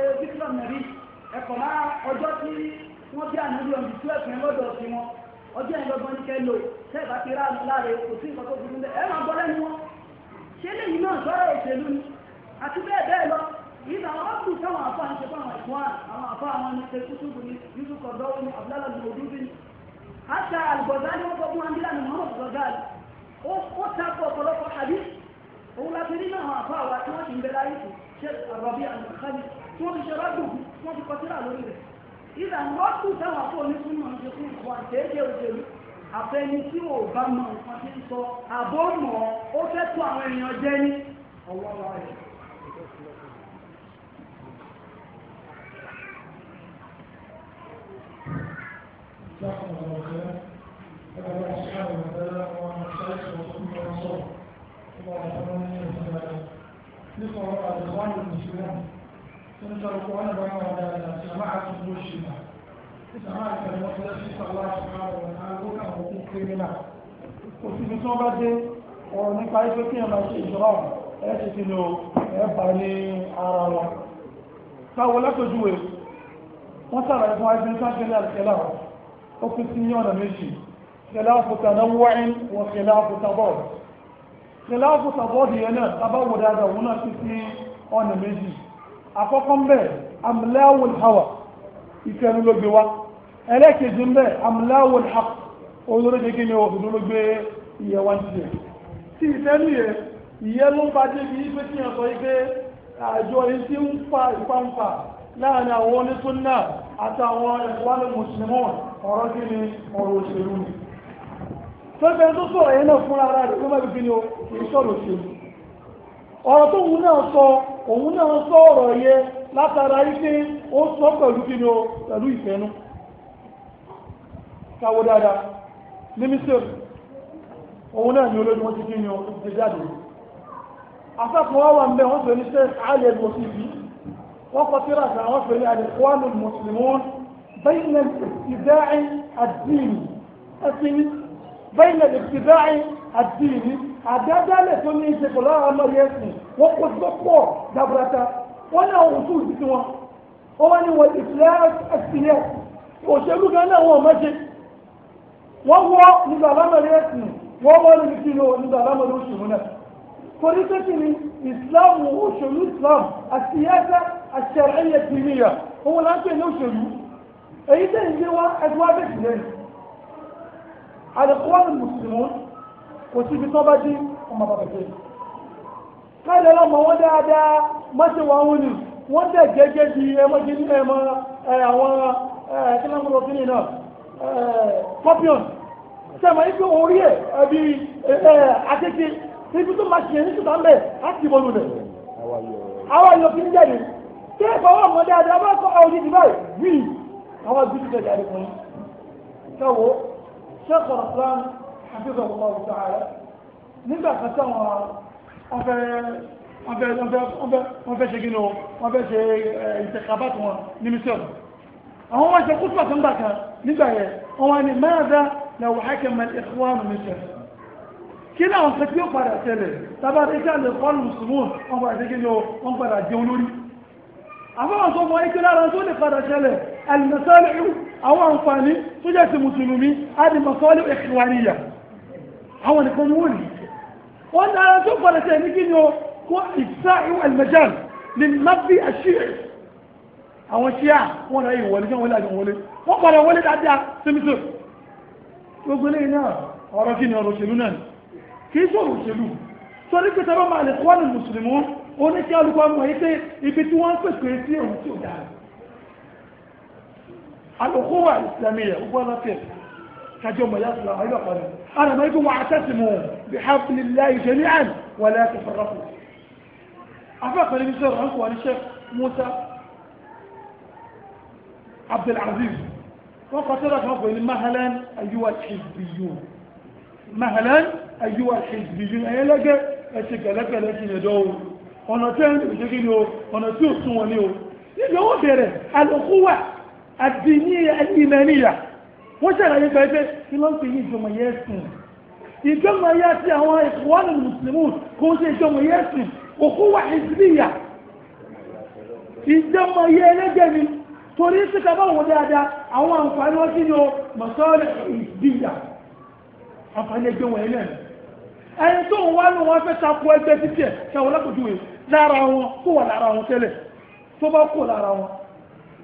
[SPEAKER 1] ẹ̀kọ́ máa ọjọ́ tí wọ́n bí àná lóyún ti tú ẹ̀sìn lọ́dọ̀ sí wọn ọjọ́ yẹn lọ́gbọ́n kẹ́ lò ìbá ti láre kò sí nǹkan tó burú ni àti bẹ́ẹ̀ bẹ́ẹ̀ lọ ìgbà àwọn bá kùn sáwọn àfọ àwọn ìṣẹ́fọ́ hata alìgbọ̀gáàlì wọ́n gbọ́gbọ́n àndílà ní mọ́rọ̀ gbọ̀gáàlì ó tapọ̀ ọ̀pọ̀lọpọ̀ àbí òun láti rí náà àpá àwà tí wọ́n ti ń bẹ láyé kù ṣe àrọ̀bí àlùkálì tí wọ́n ti ṣe rọ́dù tí wọ́n ti kọtíra lórí rẹ̀ ìlà rọ́dù táwọn àpò onísúnmọ̀ ń ṣe fún ìwọ̀n àtẹ́jẹ́ òṣèlú àfẹni tí wọn ò bá mọ Thank you. ذكر الإخوان المسلمون تنسى القرآن بين ودائنا سماعة المرشدة سماعة المخلص الله سبحانه وتعالى وكان وقوف كلمة òsì tí wọ́n bá dé ọ̀rọ̀ nípa ẹgbẹ́ kí ẹ máa ṣe ìjọba ẹ ti ti ẹ̀bà ní ara wa káwọ lápẹjúwe wọ́n sábà ẹ̀fọn ẹgbẹ́ sáfẹ́lẹ́ àti ẹ̀là ó fi sí ní ọ̀nà méjì خلاف تنوع وخلاف تضاد خلاف تضاد yẹn náà tábàwò dáadáa òun náà ti sí ọ̀nà méjì àkọ́kọ́ ń bẹ amláwòl hawa ìfẹ́nu ló gbé wa ẹlẹ́kejì ń bẹ amláwòl haq olóríṣi kí ni òdòdó ló gbé ìyẹn wá ní tiẹ̀ tí ìfẹ́nu yẹ ìyẹn ló ń bá débi ipe tí yẹn sọ yìí pé àjọ yìí ti ń fa ìfàǹfà láàrin àwọn onísúnnà àtàwọn ìwádìí mùsùlùmí ọ̀rọ̀ kí ni ọ̀rọ̀ òṣèlú ni tó bẹ tó sọ̀rọ̀ yẹn náà fúnra ara rẹ̀ tó má bíbí ni ó kìí sọ̀rọ̀ sí ọ̀rọ̀ tó òun náà sọ òun náà sọ ọ̀rọ̀ yẹ látara ike ó sọ pẹ̀lú kí ni ó pẹ̀lú ìfẹ́nu káwó dáadáa ní mísírì òun náà ni olóògbé wọn ti kí ni ó ti jáde afẹ́kùn wọn wà ń bẹ wọn ní sẹ́ẹ̀sì àlẹ́ ẹ̀gbọ́n sí bẹ́ẹ̀ lè ti dáhìn àti ìlú àdádálẹ̀ tó ní ìṣe pẹ̀lú àwọn ọmọ yẹn sùn wọ́n kó tó pọ̀ dàbúrata wọ́n ní àwọn òṣù ìdí wọn wọ́n wá ní wọn ìṣẹ̀lẹ̀ ẹ̀sìnlẹ̀ òṣèlú gan náà wọn ò mẹ́ṣe wọ́n wọ́ nígbà lámọ̀ yẹn sùn wọ́n wọ́ níbi kí ló nígbà lámọ̀ yẹn sùn náà torí pé kí ni islam òṣèlú islam àti ẹ̀sẹ̀ àṣẹ̀rẹ̀yẹ tìmíyà òun láńpẹ̀ ní òṣèlú èyí tẹ̀ ń gbé wá ẹgbẹ́ abẹ́sìlẹ̀ àdìkúwọ́nù mùsùlùmí kò sí ibi tó bá dí ọmọ bàbá tó káàdé lọ́mọ wọn dáadáa mọ́sẹ̀ wọn wọn ni wọ́n tẹ̀ gẹ́gẹ́ bí ẹmọ́jì ní ẹmọ àwọn kílámùrọ̀ kí ni náà scorpion sẹ́mọ̀ ibi orí ẹ̀ ẹbí akéke ibi tó máa ṣe ní ṣùgbọ́n bẹ́ẹ̀ á ti bọ́lù rẹ̀ àwọn ayò kí ń jáde tí ẹ̀kọ́ wọn mọ̀ dáadáa bá sheikh al-islam hafizahu allah ta'ala nígbà kan táwọn ọfẹ́ ọfẹ́ ọfẹ́ ọfẹ́ ọfẹ́ ṣe gínú wọn fẹ́ ṣe eh, ìtẹ̀kábàtì wọn ní mísíọ̀nù àwọn wọn ṣe kútùbà kan gbà kan nígbà yẹn wọn ní mẹ́rẹ̀dá لو حكم الإخوان مثل كلا وان كتير قرأ تلي تبعت المسلمون وان قرأ تلي وان قرأ جولوري أفا وان صوفوا àlùmọ̀sọ́lẹ̀ àwọn àǹfààní tó jẹ́ ti mùsùlùmí àdìmọ̀sọ́lẹ̀ ìkìwàníyà àwọn nìkan ni wọ́n ní wọ́n ní ara tó gbọ́dọ̀ tẹ̀ ní kí ni ó kó ìsáàrù alìmọ̀jàn ní nàbí àṣírí àwọn ṣíà wọn náà yìí wọlé wọlé àjọ wọlé wọ́n padà wọlé dáadáa símítò gbogbo eléyìí náà ọ̀rọ̀ kí ni ọ̀rọ̀ òṣèlú náà kì í sọ̀rọ̀ òṣèlú torí pé tẹ́lọ́ máa lè kọ́ ní mùsùlùmí oníṣẹ́ olùkọ́ mọ̀ yí pé ibi tí wọ́n ń pèsè sí òun tí ò dáa الأخوة الإسلامية أخوانا فيه كجمع يصل أيها قريب أنا ما يقول واعتسموا بحبل الله جميعا ولا تفرقوا أفاق قريب يصير عنكم عن الشيخ موسى عبد العزيز وقتلت هفوين مهلا أيها الحزبيون مهلا أيها الحزبيون أي لك أتكالك لكن يدور ọ̀nà tẹ́rin ìṣẹ́kí ni o ọ̀nà tí ó sún wọn o nígbà wọ́n bẹ̀rẹ̀ alùkúwà àdìníyà ìmẹ̀níyà wọ́n ṣàlàyé pẹ̀lú kí ló ń pè ní ìjọmọ̀ yẹ́sìn ìjọmọ̀ yá sí àwọn ìkọ̀wánù mùsùlùmù kò ń ṣe ìjọmọ̀ yẹ́sìn òkú wà ìsìlíyà ìjọmọ̀ yẹ ẹlẹ́gẹ̀ ni torí síta bá wò dáadáa àwọn àǹfààní wọn sínú mọ̀sọ́ọ̀lẹ̀ ìsìlíyà àǹfààní ẹgbẹ́ wọn ẹlẹ́ ẹni tó ń wá ní wọn fẹ́ takò ẹgbẹ́ títẹ̀ ṣàwọn lápòjúwe lára wọn kó wà lára wọn tẹ́lẹ̀ tó bá kó lára wọn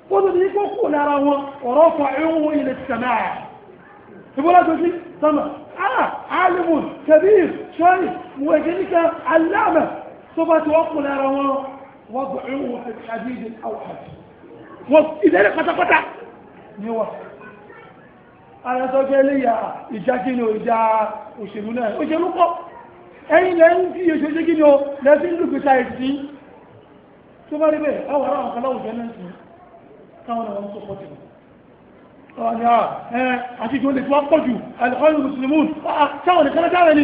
[SPEAKER 1] kó tó ní kó kú lára wọn ọ̀rọ̀ fà ẹ̀wọ̀n ilẹ̀ sàmà ìbúra tó sí sàmà ah alimun kabir ṣọ́yì wọ́n èké níka aláàmà tó bá ti wọ́n kú lára wọn wọ́n bọ̀ ẹ̀wọ̀n fi àwọn wọn wọ́n ara sọ pé eléyà táwọn náà wọ́n sọ pọ̀ jù ọ̀nà ẹ̀ àti tó lè tí wọ́n pọ̀ jù alìkọ́lù mùsùlùmù ah, ah, táwọn nìkan lájáre ah, ni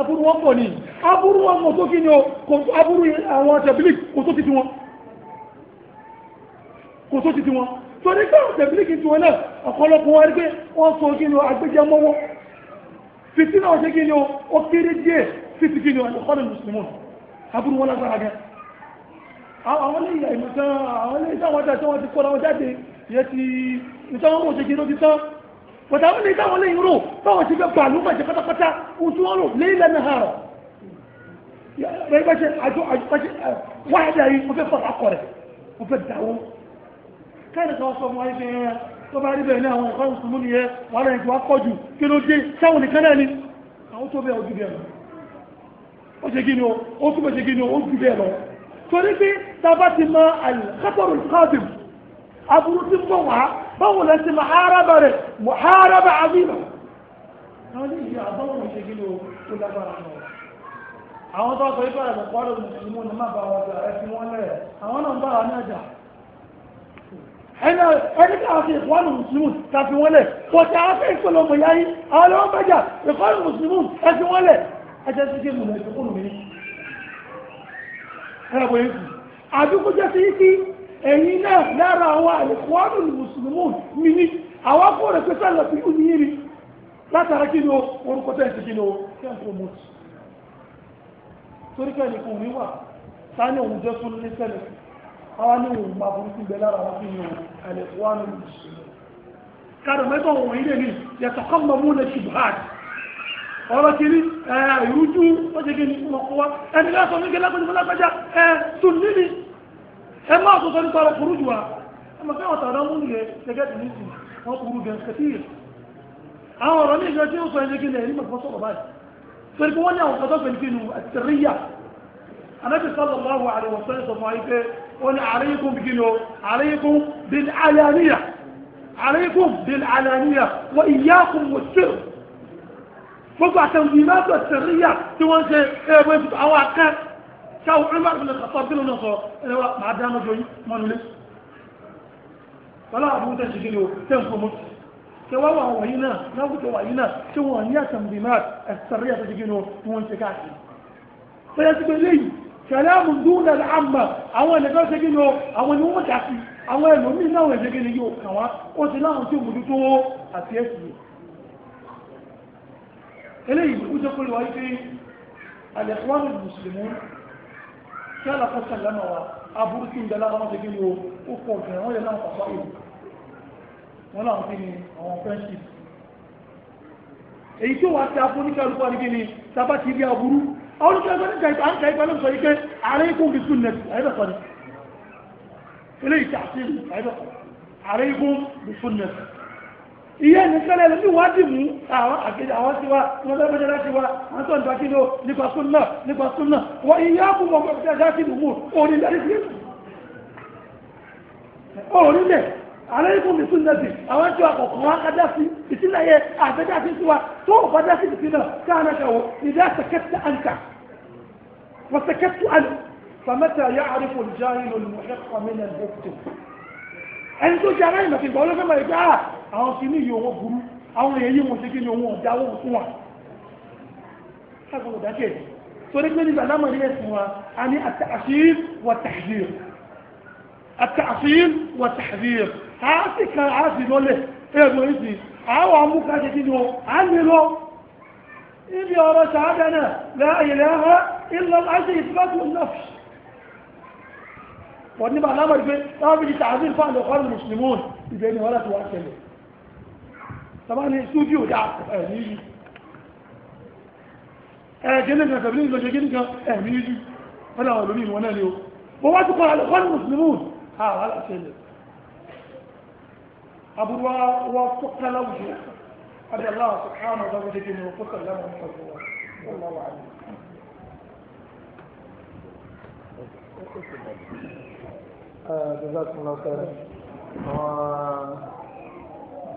[SPEAKER 1] aburú wọn pọ̀ ní aburú wọn mọ̀ tó kí ni aburú àwọn tẹ̀bílì kò tó ti ti wọn kò tó ti ti wọn torí pé àwọn tẹ̀bílì kì í ti wọn náà ọ̀pọ̀lọpọ̀ wọn rí pé wọ́n sọ kí ni agbẹ́jẹ́ mọ́wọ́ fìtí náà ṣe kí ni ó kéré díẹ̀ fìtí kí ni alìkọ́lù mùsùlùmù aburú wọn lágbára gan àwọn ilé ìyà ìlú tán àwọn ilé iṣẹ́ wọn tẹ̀sán wọn ti kọ́ra wọn jáde ìyẹ́ ti ìtàn wọn òṣèké ló ti tán pẹ̀tà àwọn ilé iṣẹ́ wọn lẹ́yìn rò báwọn ti fẹ́ gbà ló mọ̀ ṣe pátápátá oṣù wọn rò lẹ́yìn lẹ́nu àárọ̀ rẹ̀gbẹ́sẹ̀ àjọ àjọpẹ́sẹ̀ wáyé yìí wọ́n fẹ́ fọ́ra akọ rẹ̀ wọ́n fẹ́ dáwọ́ káyọ̀ kan sọ wọn ṣe tó bá rí bẹ́ẹ̀ ní àwọn ẹ̀kọ́ ìsúnmú ni ẹ wàhálà ìjọ akọ́jù kí ló dé sáwọn nìkan náà ni àwọn tó bẹ́ẹ̀ ojú bẹ́ẹ̀ lọ ó ṣe kí ni ó túbọ̀ ṣe kí ni ó ojú bẹ́ẹ̀ lọ torí pé tábà ti mọ àlùkátọ̀rù kọ́ọ̀dùm aburú ti mọ̀ wá báwo lẹ ti mọ àràbà rẹ mọ àràbà àbílọ̀. àwọn ilé ìyá àbáwọn ò ṣe kí ló tó lágbára náà àwọn tó sọ ìfẹ́ rẹ̀ pọ̀ lórí mùsùlùmí ni má bá wọn sọ ẹ̀sìn wọn lẹ̀ àwọn náà ń bá wọn náà jà ẹni tí a fi ìfọ́nù mùsùlùmí tàbí wọn lẹ̀ pọ̀tẹ́ afẹ́ ìpolówó yáyí àwọn ọmọ ìjà ìfọ́nù mùsùlùmí ẹ̀sìn wọn lẹ̀ ẹ̀jẹ̀ sí kí mùnà ìfọ́nù mi ẹ̀rọ èkù àdúgbò jẹ́ sí kí ẹ̀yin náà lára àwọn àlùkòwánù mùsùlùmù mi ní àwọn kó rẹ̀ pé sálọ sí ìlú yìí rí látara kí ni o orúkọ tẹ́ ni o kí ẹ̀ promote torí kẹ́ni kò rí wà sáni òun jẹ́ tún ni o àlùkòwánù mùsùlùmù kàdùmẹ́tọ̀ wọ̀nyí lè ní yàtọ̀ kọ́ mọ́ mú lè ṣùgbọ́n ọ̀rọ̀ kiri ìrújú ó ṣe kí ni wọ́n kó wá ẹni ká sọ nígbẹ́ lápẹ́jì fún lápẹ́jà ẹ tún níbi ẹ máa tó sọ nípa ọ̀rọ̀ kúrú jù wá ẹ mọ̀ fẹ́ràn tààrà mú nìyẹn gẹ́gẹ́ tì ní sùn wọ́n kúrú gẹ̀ kẹtì rẹ̀ àwọn ọ̀rọ̀ ní ìjọ tí ó sọ ẹni kí ni ẹni mọ̀ sọ̀rọ̀ báyìí torí pé wọ́n ní àwọn kan sallallahu alaihi wasallam sọ fún ayé pé ó o alaykum bil alaniya alaykum bil alaniya wa iyyakum was-sirr gbogbo àtẹ̀wò ìrìnàjò sẹ̀ríyà tí wọ́n ṣe ẹ̀rọ ìfipá àwọn akẹ́ ṣáwọ́ ìrìnàjò kàtọ́ bí lónà sọ ẹ̀rọ máa dáná jọ mọ́nulé wọ́n láàbù tẹ́ ṣe kí ni ó tẹ́ ń fọmọ́ ṣe wá wà wọ̀nyí náà láwùjọ wọ̀nyí náà tí wọ́n ní àtẹ̀wò ìrìnàjò sẹ̀ríyà tó ṣe kí ni ó wọ́n ṣe káàkiri fẹ́yẹ́ sí pé léyìí kẹlẹ́mù dúnlẹ̀ àmà àwọn ẹ̀lẹ́gbẹ́ ṣe gínú àwọn ni wọ́n kà sí àwọn ẹlòmí náà ẹ̀ṣẹ́ gínú yóò kàn wá ó ti láwọn tí ó mú àti ẹ̀sìn eléyìí ó jẹ́ pé wáyé pé alẹ́kọ́wọ́nù mùsùlùmí kí alákọ̀ọ́sà lẹ́nà wa aburú tí ń bẹ lára wọn ti gbé wo ó pọ̀ jù wọ́n lè náà pàpá ìlú wọ́n láwọn fi ni àwọn friendship èyí tí ó wá ti aburú ní kálukú àdìgí ni sábà ti rí aburú àwọn oníṣẹ́ ẹgbẹ́ nígbà ìgbà nígbà ìgbà ló sọ ààrẹ ikú fi sùn nẹ̀tì àyẹ̀bẹ̀sọ ni eléyìí tí a ti rí ààrẹ ikú fi sùn nẹ̀tì ìyẹ́ ní sẹ́lẹ̀ lórí ìwádìí mú àwọn àgbèjà àwọn tiwa wọn bẹ́ẹ̀ bẹ́ẹ̀ láti wa wọn tó ń dọ́kí ló nípa súnà nípa súnà wọ ìyá kú mọ̀ pé ẹja sí mú òní lẹ́rí sí òní lẹ̀ aláìkún mi súnà sí àwọn tí wa kọ̀ọ̀kan wá kájá sí ìsílẹ̀ yẹ àgbèjà sí tiwa tó ò bájá sí ìsílẹ̀ káàná kẹwò ìdá sẹkẹtì àǹkà wọ́n sẹkẹtì àǹkà fàmẹ́tà yà àrífò jáì lónìí ẹni tó jẹ́ aráyìn mọ̀ àwọn kìíní yìí owó burú àwọn èyí wọn tí kí ni ohun ọ̀dá owó fún wa káàkiri dákẹ́ torí pé nígbà lámọ̀ ilé ẹ̀sìn wa a ní àtàṣír wà tàṣír a sì kan a sì lọlẹ̀ ẹ̀rọ ìsìn àwọn amúkà kí ni o a ní lọ ibi ọ̀rọ̀ ṣàádà náà láàyèlè láwọn fi ti tàṣír fáwọn ọ̀kọ́ ìbẹ̀ wọ́n láti wá ṣẹlẹ̀ bàbá ní súdíò dá ẹ̀mí yìí ẹ̀ẹ́gẹ́ ní ìgbẹ̀sẹ̀ ní ìlọ́jẹ́ gíní kan ẹ̀mí yìí wọ́n láwọn olómi ìwọ̀n náà ni ó bó wá tó kọ́ra lọ́wọ́ mùsùlùmù àwọn aláṣẹ́lẹ̀ aburú wa fọ́kà láwùjọ adé aláwọ̀ sọ̀kánà ọ̀dọ́ gbẹ́dẹ́ kí ni ó fọ́kà láwọn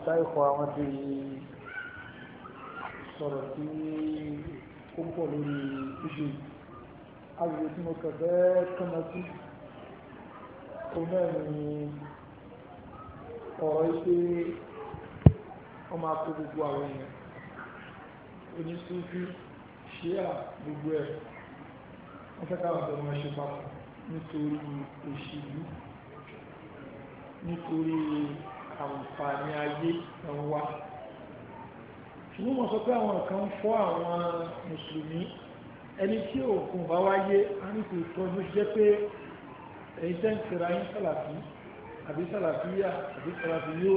[SPEAKER 1] mọ̀ṣáìkọ̀ àwọn ti sọ̀rọ̀ sí ó ń pọ̀ lórí ìgbè agbègbè tí mo kàn fẹ́ kánná sí òun náà ni ọ̀rọ̀ ipe wọ́n máa kó gbogbo àwọn èèyàn oníṣúfí ṣíà gbogbo ẹ̀ wọ́n fẹ́ káwọn ọ̀dọ́ wọn ṣe papọ̀ nítorí òṣèlú nítorí àǹfààní ayé kan wá ṣùgbọ́n wọ́n sọ pé àwọn kan ń fọ́ àwọn mùsùlùmí ẹni tí òkun bá wáyé a ní kò tọ́jú jẹ́ pé èyí tẹ́ ń tẹ̀ra yín sàlàfí àbí sàlàfíyà àbí sàlàfíyó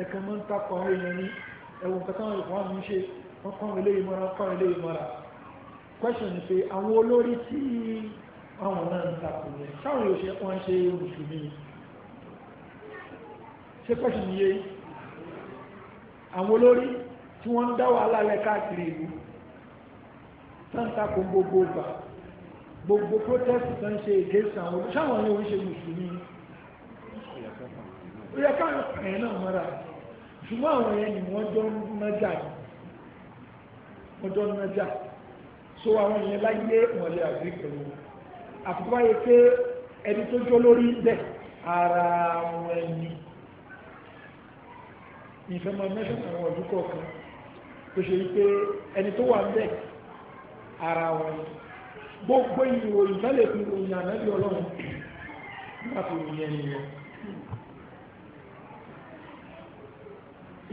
[SPEAKER 1] ẹ̀kan máa ń takọ̀ àwọn èèyàn ní ẹ̀wọ̀n kan táwọn ìfọ̀n àmì ń ṣe wọ́n kọ́ ilé ìmọ̀ra kọ́ ilé ìmọ̀ra question ni pé àwọn olórí tí àwọn náà ń takò yẹn sáwọn yóò ṣe wọ́n ṣe mùsùlùmí ni ṣe pẹ́ṣù níye àwọn olórí tí wọ́n ń dá wàhálà lẹ káàkiri ìlú sáǹtakò gbogbo gbà gbogbo protest tó ń ṣe against àwọn olórí sáwọn ní oríṣẹ́ mùsùlùmí ó yẹ káwọn ẹ̀yìn náà mọ́ra ṣùgbọ́n àwọn ẹ̀yìn ni wọ́n jọ ń nájà wọ́n jọ ń nájà so àwọn ìyẹn láyé wọ́n lè pẹ̀lú àfikún báyìí pé ẹni tó jó lórí bẹ́ẹ̀ ara àwọn ẹni ìfẹ́ máa mẹ́sàn àwọn ọdún kọ̀ọ̀kan tó ṣe wípé ẹni tó wà bẹ́ẹ̀ ara wọn gbogbo ìwò ìfẹ́lẹ̀ fi ròyìn ànábì ọlọ́run nígbà tó ròyìn ẹni yẹn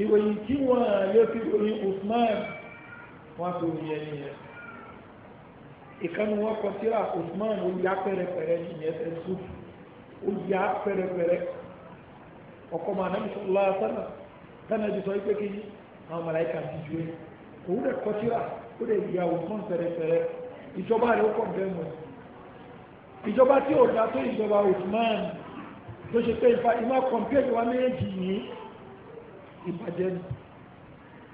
[SPEAKER 1] ìròyìn tí wọ́n lè fi ròyìn Usman wọ́n fi ròyìn ẹni yẹn ìkànnì wọn kọ síra Usman ó yá pẹ̀rẹ̀pẹ̀rẹ̀ ní sùn ó yá pẹ̀rẹ̀pẹ̀rẹ̀ ọkọ̀ mọ̀ ànábì sọ̀rọ̀ tánà ti sọ pé kí àwọn màláìka ti ju ẹ òun dẹ̀ kọtíra ó dẹ̀ yà wò kán pẹrẹpẹrẹ ìjọba rẹ̀ ó kọ̀ bẹ́ẹ̀ mọ̀ ìjọba tí ò dá tó ìjọba Usman tó ṣe pé ìfà ìmọ̀ kọ̀m̀pẹ́ẹ̀tì wa méjì ní ìbàjẹ́ ni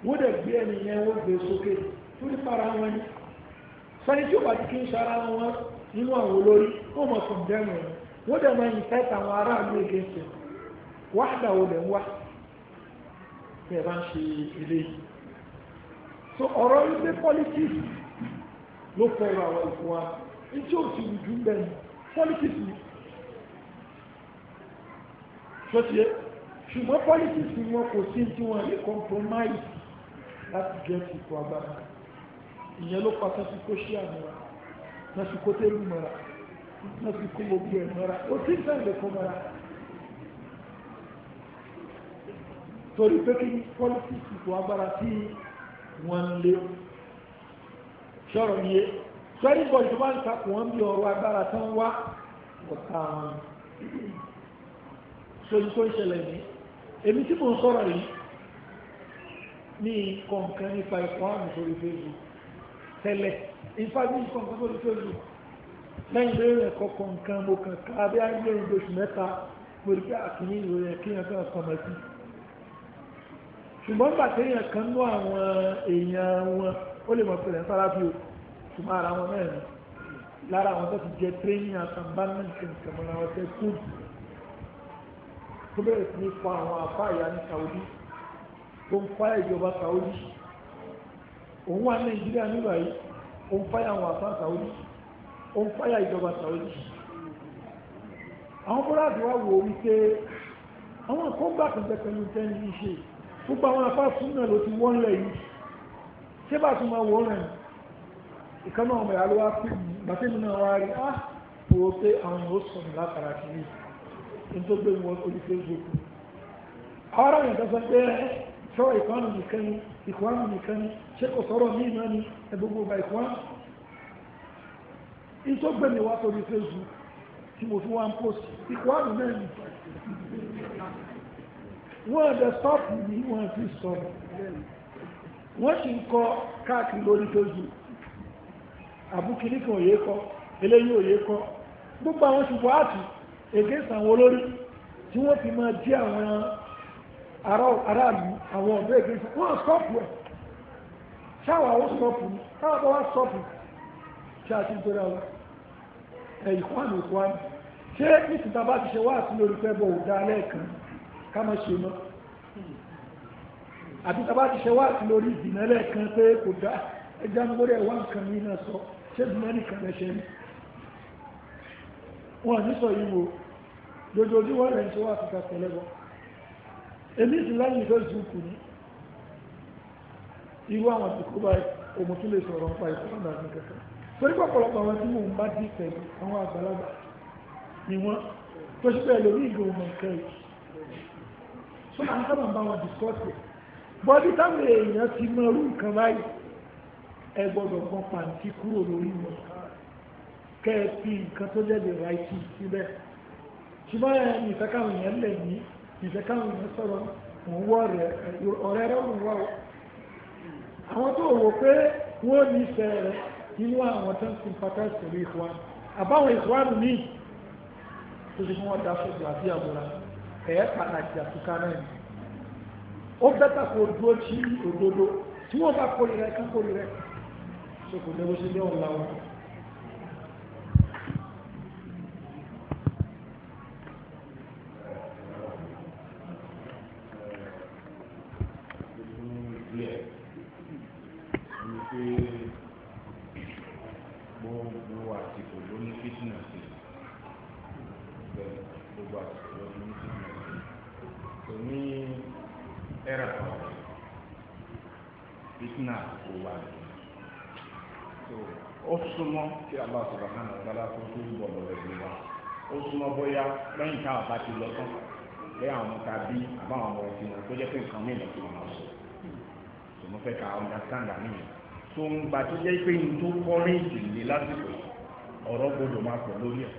[SPEAKER 1] wọ́n dẹ̀ gbé ẹni yẹn wọ́n gbé sókè tó ní para wọn ni sani tí ó bá ti kí ń ṣara wọn nínú àwọn olórí ó mọ̀ kọ̀m̀pẹ́ẹ̀mù wọn dẹ̀ máa yin fẹ́ẹ̀tì aráàlú ègé wàhálà ò lè wá tí bá ń ṣe eléyìí so ọ̀rọ̀ ilé politics ló fẹ́ràn àwọn ìfọ wa ní tí ó ti rújú bẹ́ẹ̀ politics ni tó ti ṣùgbọ́n politics ni wọn kò sí tí wọn lè compromise láti jẹ́ ìfọ agbára ìyẹn ló pa sásìkò ṣí àmúra sásìkò tẹ́lú mọ́ra sásìkò gbogbo ẹ̀ mọ́ra ó ti ń sàn lè kọ́ mọ́ra. torí pé kí politics kò agbára tí wọ́n ń lé sọ̀rọ̀ yìí sọ́rí bọ̀dù wá ń takùn wọ́n bí ọ̀rọ̀ agbára tán wá ọ̀tá wọn sórí tó ń ṣẹlẹ̀ ní èmi tí mò ń sọ̀rọ̀ yìí ní kọ̀ọ̀kan nípa ẹ̀kọ́ àmì sórí Facebook tẹ́lẹ̀ ìfàmì kọ̀ọ̀kan sórí Facebook lẹ́yìn lórí ẹ̀kọ́ kọ̀ọ̀kan mo kàn ká abẹ́ ayé lórí oṣù mẹ́ta mo rí pé àkíní ìròyìn kí ṣùgbọ́n gbà téèyàn kan nú àwọn èèyàn wọn ó lè mọ̀ pẹ̀lẹ́ sára bí o ṣùgbọ́n ara wọn náà ni lára àwọn tó ti jẹ tírénì àtàǹbánmẹ́ǹtì ìṣẹ̀mọ̀ra ọ̀tẹ̀ kúùdù tó bẹ̀rẹ̀ sí ní fa àwọn afá ìyá ní Saudi tó ń fa ìjọba Saudi òun wà Nàìjíríà nígbà yìí ó ń fa àwọn afá Saudi ó ń fa ìjọba Saudi àwọn búrádì wá wò wípé àwọn kan gbà kan jẹ pẹ̀lú púpọ̀ àwọn afáàfún náà ló ti wọ́n lẹ̀ yìí ṣé bá tún máa wọ́n rẹ̀ ìkànnà ọmọ ìyá ló wá pè mí gbàtẹ́mi náà wá rí á ah, wò ó pé àwọn yóò sọ̀rọ̀ látara kiri ní tó gbé wọn orí Facebook àwọn ará yẹn tẹ́sán pé sọ́rọ̀ eh, ìkọ́nù nìkan ni ìkọ́nù nìkan ni ṣé kò sọ̀rọ̀ mí náà ni ẹgbogbo ọba ìkọ́nù ní tó gbé mi wá sórí Facebook tí mo fi wá ń post ìkọ́nù náà wọ́n ẹ̀dẹ̀ sọ́ọ̀pù ní wọ́n fi sọ̀rọ̀ wọ́n sì ń kọ káàkiri lórí tójú àbúkiri kan òye kọ eléyìí òye kọ gbogbo àwọn ṣùgbọ́n àti against àwọn olórí tí wọ́n fi máa jẹ́ àwọn aráàlú àwọn ọ̀dọ́ against wọ́n sọ́ọ̀pù ẹ̀ ṣáwà ó sọ́ọ̀pù ní káwọn bá wá sọ́ọ̀pù ṣe àti nítorí àwọn ẹ̀yìn kwanu kwanu ṣé ní ti tàbá ti ṣe wá àti lórí fẹ́ bọ̀ ọ̀dà lẹ́ẹ̀kan ká má ṣe mọ́ àbí tá a bá ti ṣe wá sí lórí ìdìnnà lẹ́ẹ̀kan pé kò dá ẹja ń gbórí ẹ̀wá nǹkan mi náà sọ ṣé ìdìnnà nìkan lẹ ṣe ní wọn ní sọ yìí wo lójoojúmọ́ rẹ̀ ń ṣe wá sí kàtẹ́ lẹ́bọ̀ èmi sì lẹ́yìn tó ju kù ní irú àwọn àtìkú báyìí òmù tún lè sọ̀rọ̀ nípa ìfọ́nà àti kẹ̀kẹ́ torí pọ̀pọ̀lọpọ̀ àwọn tí mò ń bá dì pẹ̀lú àwọn àgbàlagbà ni wọ́n tó ṣe so à ń sábà bá wọn discuss it bọ́dí táwọn èèyàn ti mọ irú nǹkan báyìí ẹ gbọ́dọ̀ gbọ́n pàǹtí kúrò lórí wọn kẹ́ ẹ fi nǹkan tó jẹ́ the right thing síbẹ̀ ṣùgbọ́n ẹ nìfẹ́ káwọn èèyàn lẹ̀ ní nìfẹ́ káwọn èèyàn sọ̀rọ̀ òun wọ́ ọ̀rẹ́ rẹ̀ òun wọ́ ọ àwọn tó wò pé wọ́n ní ìfẹ́ rẹ̀ nínú àwọn tó ń sin pátá ìṣòro ìfọ́n àbáwọn ìfọ́n mi tó ti fún wọn dá fún ìgbà bí àbúrò ẹ̀ pàtàkì àtúkà náà ni ó bẹ́tà kó dúró tí òdodo tí wọ́n bá kórìíra ẹ̀ká kórìíra ẹ̀ ṣe kò lè wọ́n ṣe lé súnà kò wà ó súnmọ́ kí Allah subhanahu wa ta'ala tó tó bọ̀ lọ́wọ́ ẹ̀mí wa ó súnmọ́ bóyá lẹ́yìn táwọn bá ti lọ tán lẹ́yìn àwọn tàbí àbáwọn ọmọ ẹ̀sìn wọn tó jẹ́ pé nǹkan mìíràn tó máa sọ mo fẹ́ ka understand àmì yẹn tó ń gba tó jẹ́ pé ní tó kọ́rí ìdílé lásìkò ọ̀rọ̀ gbọdọ̀ máa pọ̀ lórí ẹ̀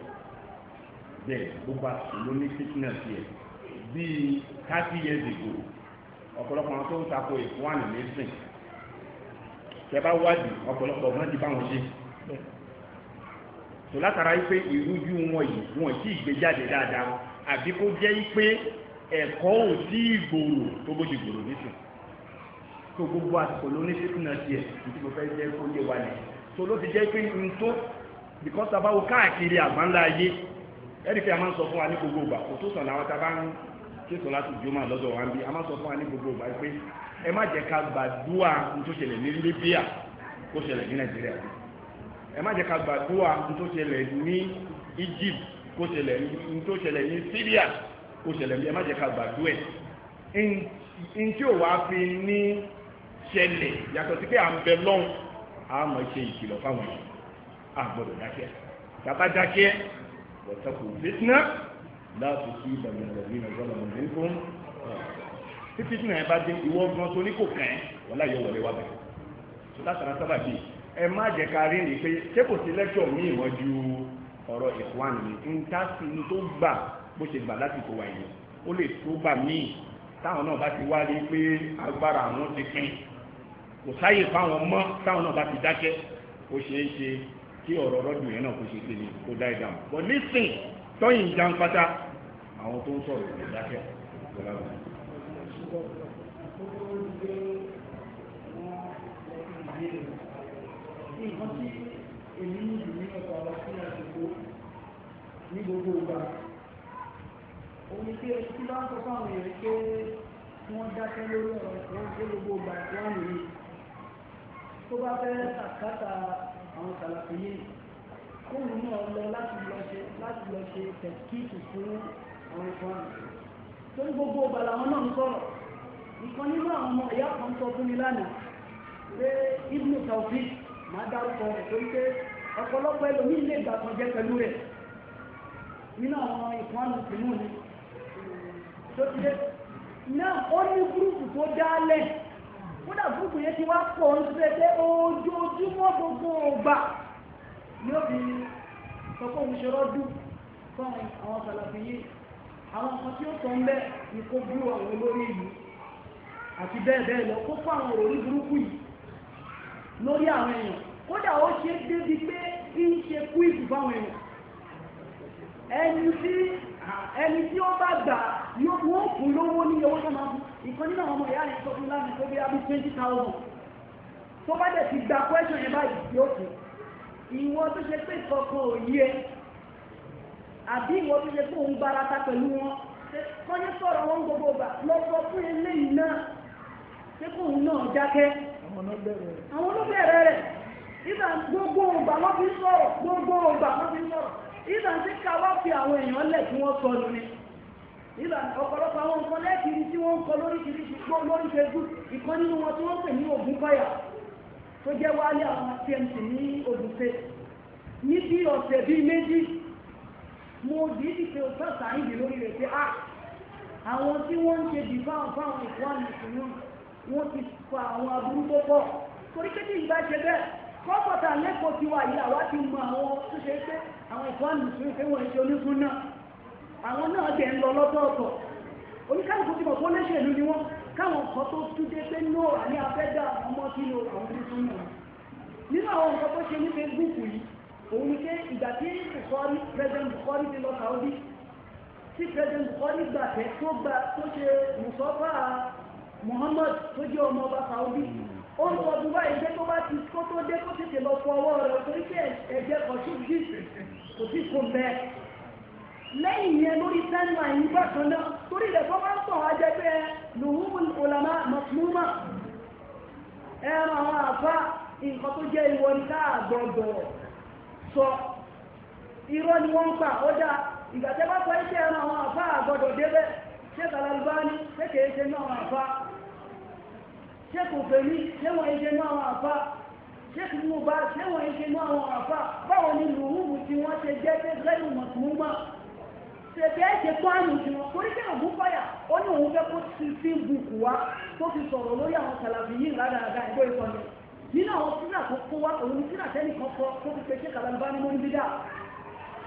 [SPEAKER 1] bẹ́ẹ̀ gbogbo àti lóní fitness yẹ bíi thirty years ago ọ̀pọ̀lọpọ̀ àwọn tó ń tako ìfúnwánì tẹ bá wádìí ọ̀pọ̀lọpọ̀ wọn ti bá wọn ṣe tó látara yìí pé ìrújú wọn yìí wọn tí ì gbé jáde dáadáa àbí kó jẹ́ yìí pé ẹ̀kọ́ ò tí ì gbòòrò tó bó ti gbòòrò nísìn tó gbogbo àsìkò ló ní síkúnà tiẹ̀ nítorí mo fẹ́ jẹ́ kó yé wa nì tó ló ti jẹ́ pé n tó because abawo káàkiri àgbáńlá ayé ẹ̀rí pé a máa ń sọ fún wa ní gbogbo ìgbà kò tó sàn láwọn tá a bá ń ké ẹ má jẹ́ ká gbàdúrà tó ṣẹlẹ̀ ní Libya kó ṣẹlẹ̀ ní Nàìjíríà ẹ má jẹ́ ká gbàdúrà tó ṣẹlẹ̀ ní Egypt kó ṣẹlẹ̀ tó ṣẹlẹ̀ ní Syria kó ṣẹlẹ̀ ẹ má jẹ́ ká gbàdúrà ẹ̀ ntí ò wá fi ní ṣẹlẹ̀ yàtọ̀ sí pé à ń bẹ lọ́hùn àmọ̀ ṣe ìkìlọ̀ fáwọn yìí àgbọ̀dọ̀ dákẹ́ tàbá dákẹ́ wọ́n sọ kò fitna láti kí ìbàdàn ìbàdàn ìbàdàn ìbàdàn títí tí nàá bá dé ìwọ gan tó ní kò kàn ẹ́ wọ́n láyọ̀ wọlé wá bẹ̀rẹ̀ tó látara sábà bí ẹ má jẹ́ ká rí ni pé ṣé kò sí lẹ́kṣọ̀ ní ìwọ́n ju ọ̀rọ̀ ìfúnwán ni n ta sí ni tó gbà bó ṣe gbà lásìkò wà yìí ó lè tó gbà míì táwọn náà bá ti wá rí pé agbára àwọn ti pin kò sáyè fáwọn mọ́ táwọn náà bá ti dákẹ́ ó ṣeé ṣe kí ọ̀rọ̀ ọlọ́dún yẹn náà kó ṣe kéde kó dá ìdá mọ̀. bọ̀ nísìn tọ́yìn ìjà àwọn tó ń sọ̀rọ̀ kò dákẹ́ kò lára ní gbogbo ìgbà omi tí ẹni tí bá ń sọ fáwọn èèyàn pé wọ́n dákẹ́ lórí ọ̀rọ̀ wọn gbé gbogbo ìgbà tí wọ́n nìyí tó bá fẹ́ àkátà àwọn kàlàkì yìí kóòrù náà lọ láti lọ ṣe láti lọ ṣe tẹ̀kíìtì fún àwọn ìfọ̀n tó ní gbogbo ìgbà làwọn náà ń sọ̀rọ̀ nǹkan nínú àwọn ọmọ ìyá kan sọ fún mi lánàá pé ibnu tawfi máa dárúkọ rẹ̀ torí pé ọ̀pọ̀lọpọ̀ ẹlòmíì lè gbà kan jẹ́ pẹ̀lú rẹ̀ nínú àwọn ìkànnì tìmú ni tó ti dé náà ó ní gúrùpù tó dálẹ̀ kódà gúrùpù yẹn ti wá pọ̀ ń ṣe pé ojoojúmọ́ gbogbo ògbà yóò fi sọ pé òun ṣe rọ́dún fún àwọn sàlàfin yìí àwọn kan tí ó sọ ń bẹ́ ní kó bú àwọn olórí ìlú àti bẹ́ẹ̀ bẹ́ẹ̀ lọ kó fún àwọn òrí burúkú yìí lórí àwọn èèyàn kódà ó ṣe débi pé kí ń ṣe kúìsì fáwọn èèyàn ẹni tí ó bá gbà yóò wọ́n fún lówó ní owó tó máa fún ìkan nínú àwọn ọmọ ìyá rẹ̀ tó fún lánàá tó bí abí twenty thousand tó bá dẹ̀ ti gba question yẹn báyìí yóò fún ìwọ tó ṣe pé kankan ò yí e, àbí ìwọ tó ṣe pé òun barata pẹ̀lú wọn kọ́ni wọn gbogbo gbà lọ sọ fún eléyìí náà tẹ́kùn náà jákẹ́ àwọn olóbẹ̀rẹ̀ rẹ̀ ìgbà gbogbo ògbà wọ́n fi sọ̀rọ̀ gbogbo ògbà wọ́n fi sọ̀rọ̀ ìgbà tí ká wá fi àwọn èèyàn lẹ̀ tí wọ́n sọ lónìí ìgbà ọ̀pọ̀lọpọ̀ àwọn nǹkan lẹ́kìrì tí wọ́n ń kọ lóríṣiríṣi gbọ́ lórí facebook ìkan nínú wọn tí wọ́n pè ní ògùn kọ́yà tó jẹ́ wálé àwọn tmc ní ògùn pé ní bí ọ̀sẹ̀ bíi méjì mo dìídì pé o fẹ́ sàáyìn lórí rẹ̀ pé ah, àwọn tí wọ́n ń ṣe dìbà fáwọn ìwọ́n ìṣúná wọ́n ti fa àwọn aburú tó pọ̀ torí pé tí ìgbà ṣe bẹ́ẹ̀ kọ́pọ̀tà lẹ́kọ̀ọ́ ti wà yìí àwa ti mọ àwọn tó ṣe pé àwọn ìfọ́n mùsùlùmí pé wọ́n ń ṣe onígun náà àwọn náà dẹ̀ ń lọ lọ́tọ̀ọ̀tọ̀ oníkálukú ti mọ̀ pé olóṣèlú ni wọ́n káwọn kan tó túnjẹ pé ní òrà ní afẹ́dá ọmọ sínú àwọn onígun náà nínú àwọn nǹkan tó ṣe ní Facebook yìí òun ni pé ìgbà tí Bukhari president Bukhari ti lọ Saudi tí president Bukhari gbà tẹ́ tó gbà tó ṣe mùsọ́fà Muhammad tó jẹ́ ọmọ ọba Saudi ó ń sọ Dubai jẹ́ tó bá ti kó tó dé kó tètè lọ fọ ọwọ́ rẹ̀ torí pé ẹ̀jẹ̀ kan tó jí kò sí kò bẹ́ lẹ́yìn yẹn lórí ten line nígbà kan náà torí rẹ̀ tó bá ń sọ ajẹ́ pé lùhùn olàmà mọ̀túnmọ̀ ẹran àwọn àfa nǹkan tó jẹ́ ìwọ ní káàgbọ̀gbọ̀ sọ irọ́ ni wọ́n ń pa ó ìgbà tẹ́ bá sọ iṣẹ́ ṣéèkì Al-Albani ṣéèkì ẹ̀ṣẹ̀ náà wà fà ṣéèkì òfèmí ṣéwọ̀n ẹ̀ṣẹ̀ náà wà fà ṣéèkì mùbá ṣéwọ̀n ẹ̀ṣẹ̀ náà wà fà báwo ni lùhùmù tí wọ́n ṣe jẹ́ pé gẹ́gẹ́ mọ̀tìmúmọ́ ṣèkì ẹ̀ṣẹ̀ tó àmì jù wọn torí pé ògún fàyà ó ní òun fẹ́ kó ti fi bùkù wá tó fi sọ̀rọ̀ lórí àwọn kàlàbì yìí ládàáda ìgbó ìkọni nínú àwọn sílà tó kó wá òun sílà tẹ́nìkan kọ tó fi pe ṣéèkì Al-Albani mọ́ níbi dáa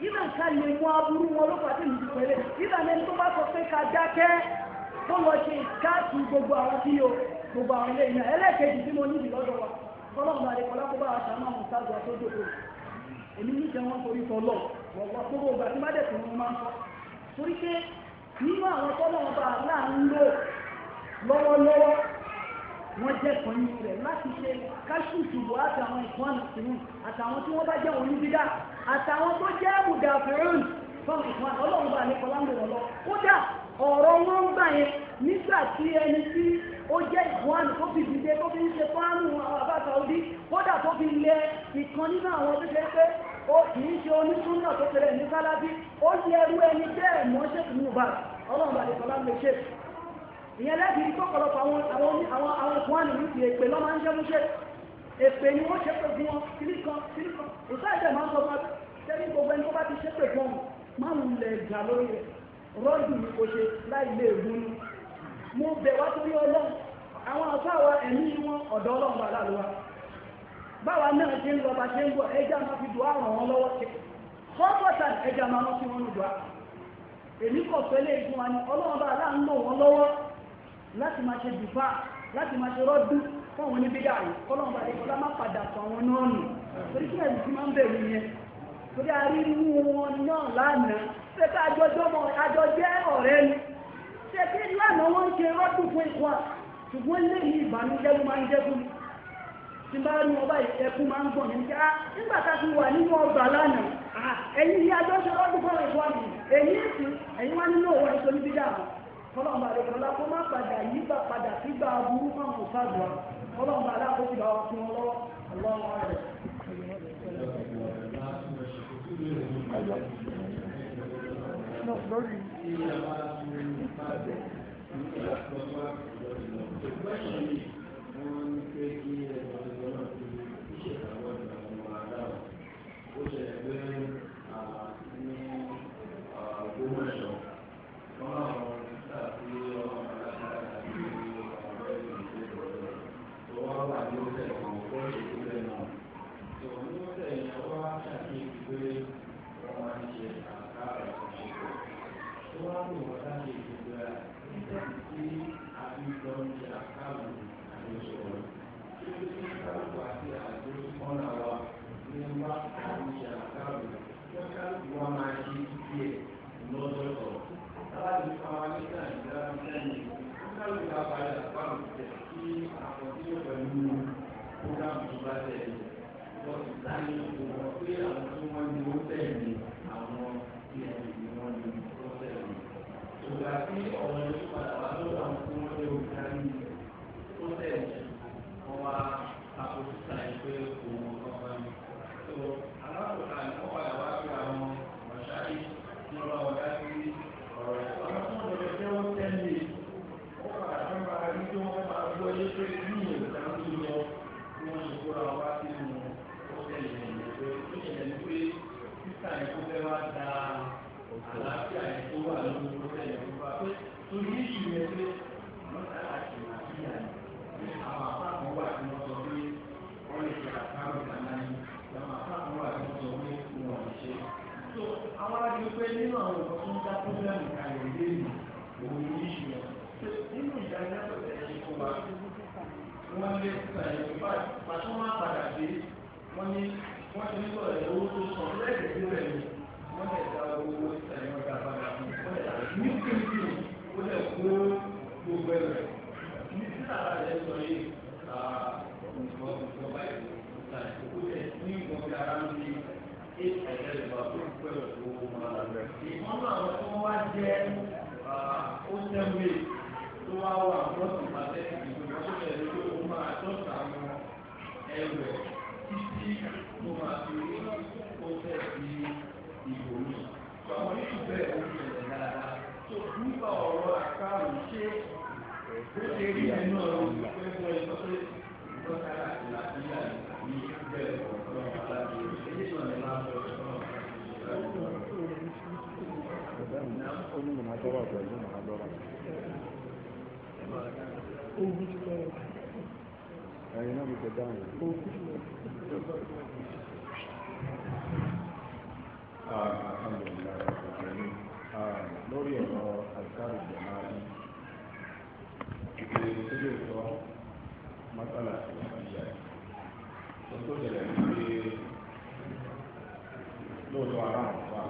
[SPEAKER 1] ìdá ká lè mú aburú wọn ló pàdé ìlú pẹ̀lẹ́ ìdá lẹni tó bá sọ pé ká tó lọ ṣe gbogbo àwọn tí o gbogbo àwọn ilé ìyá ẹlẹ́ẹ̀kejì tí mo níbi lọ́dọ̀ wa sáàdù èmi torí lọ tó gbogbo àti dị wọn máa ń sọ torí pé nínú àwọn wọ́n jẹ́ kọ́ni rẹ̀ láti ṣe káṣùṣùbọ̀ àtàwọn ìfọ́n ìsinmi àtàwọn tí wọ́n bá jẹ́ òní dídá àtàwọn tó jẹ́ àbùdá fẹ́ràn fún ìfọ́n ọlọ́run bá nípa láńgbèrè lọ kódà ọ̀rọ̀ wọn gbà yẹn nígbà tí ẹni tí ó jẹ́ ìfọ́n tó fi dìde tó fi ń ṣe fáánù àbá Saudi kódà tó fi lẹ ìkan nínú àwọn tó ṣe pé ó kì í ṣe onísúnà tó fẹ́rẹ̀ ní sálábí ó yẹ ẹrú ẹni bẹ́ẹ̀ mọ́ ṣètùnú bá ọlọ́run bá nípa láńgbèrè ṣètù ìyẹn lẹ́bi tó pọ̀lọpọ̀ àwọn àwọn àwọn àwọn ìfúnwánì ní ti èpè lọ́mọ ń jẹ́ múṣẹ́ èpè ni wọ́n ṣe pé fún wọn kiri kan kiri kan ìfá ìjẹ́ máa ń sọ fún wọn tẹ́lí gbogbo ẹni tó bá ti ṣe pé fún wọn máa ń lẹ̀ gà lórí rẹ̀ rọ́ọ̀dù ni kò ṣe láì lè gun ni mo bẹ̀ wá torí ọlọ́run àwọn ọ̀sá wa ẹ̀mí wọn ọ̀dọ́ ọlọ́run wà láàlúwa báwa náà ṣe ń lọ bá ṣe ń bọ̀ ẹja máa fi dùn àrùn wọn lọ́wọ́ ṣe fọ́pọ̀tà ẹja máa rántí wọn lùdùá èmi kọ̀ fẹ́lẹ́ ìfún wa ni láti máa ṣe dùfà láti máa ṣe rọ́dù fáwọn oníbídà yìí kọ́lọ́n bá dẹ́kọ́lá má padà sọ àwọn náà nù torí kí ẹ̀rù ti máa ń bẹ̀rù yẹn torí arírú wọn náà lánàá ṣé ká àjọ jẹ́ ọ̀rẹ́ ni ṣé kí lánàá wọ́n ń ṣe rọ́dù fún ìwà ṣùgbọ́n léyìí ìbànújẹ́ ló máa ń jẹ́ fún mi tí bá rí ọba ẹkún máa ń gbọ̀n ní kí á nígbà tá a ti wà nínú ọgbà lánàá ah, ẹ̀yìn ni àjọṣe rọ́dù fún ìwà mi èyí sì ẹ̀yìn wá nínú òwò ìṣòlíbídà àwọn kọlọ́ọ̀bà àdékọ́lá kó má padà yígbà padà sígbà burú fáwọn òṣàdùà kọlọ́ọ̀bà aláàkóso bá wa fún ọ lọ́wọ́ ọlọ́wọ́ rẹ̀. Thank you. lóòótọ́ ara àtúwà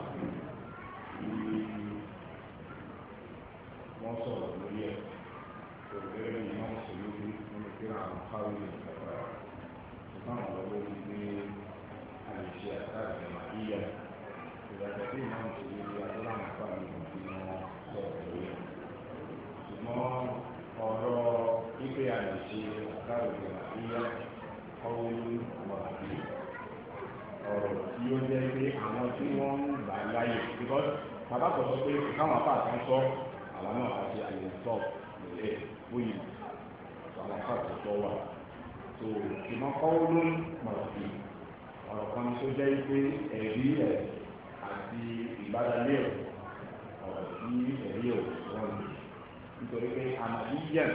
[SPEAKER 1] ní wọ́n sọ̀rọ̀ lórí ẹ̀ kò gẹ́gẹ́ wọ́n sọ lórí nínú pé àwọn káwé ìjọba ìfọ̀n àwọn ọ̀dọ́ lórí pé àìṣe àtàkùn màdíyà ìyàtọ̀ sí ìmọ̀ ìṣòro lórí adúlá àwọn àpá mi kò fi wọn sọ̀rọ̀ lórí ẹ̀ ṣùgbọ́n ọ̀rọ̀ pípé àìṣe àtàkùn màdíyà ọ̀hún yóò jẹ́ pé àwọn tí wọ́n ń gbà láyè because bàbá kò sọ pé káwọn apá kan sọ àwọn náà àti àyè sọ ìlẹ̀ bóyì àwọn apá kan sọ wà so ìmọ̀ kọ́wọ́ ló ń pọ̀rọ̀ sí ọ̀rọ̀ kan tó jẹ́ pé ẹ̀rí ẹ̀ àti ìbádalé ẹ̀ ọ̀rọ̀ sí ẹ̀rí ẹ̀ wọ́n ní nítorí pé àmàlí yẹn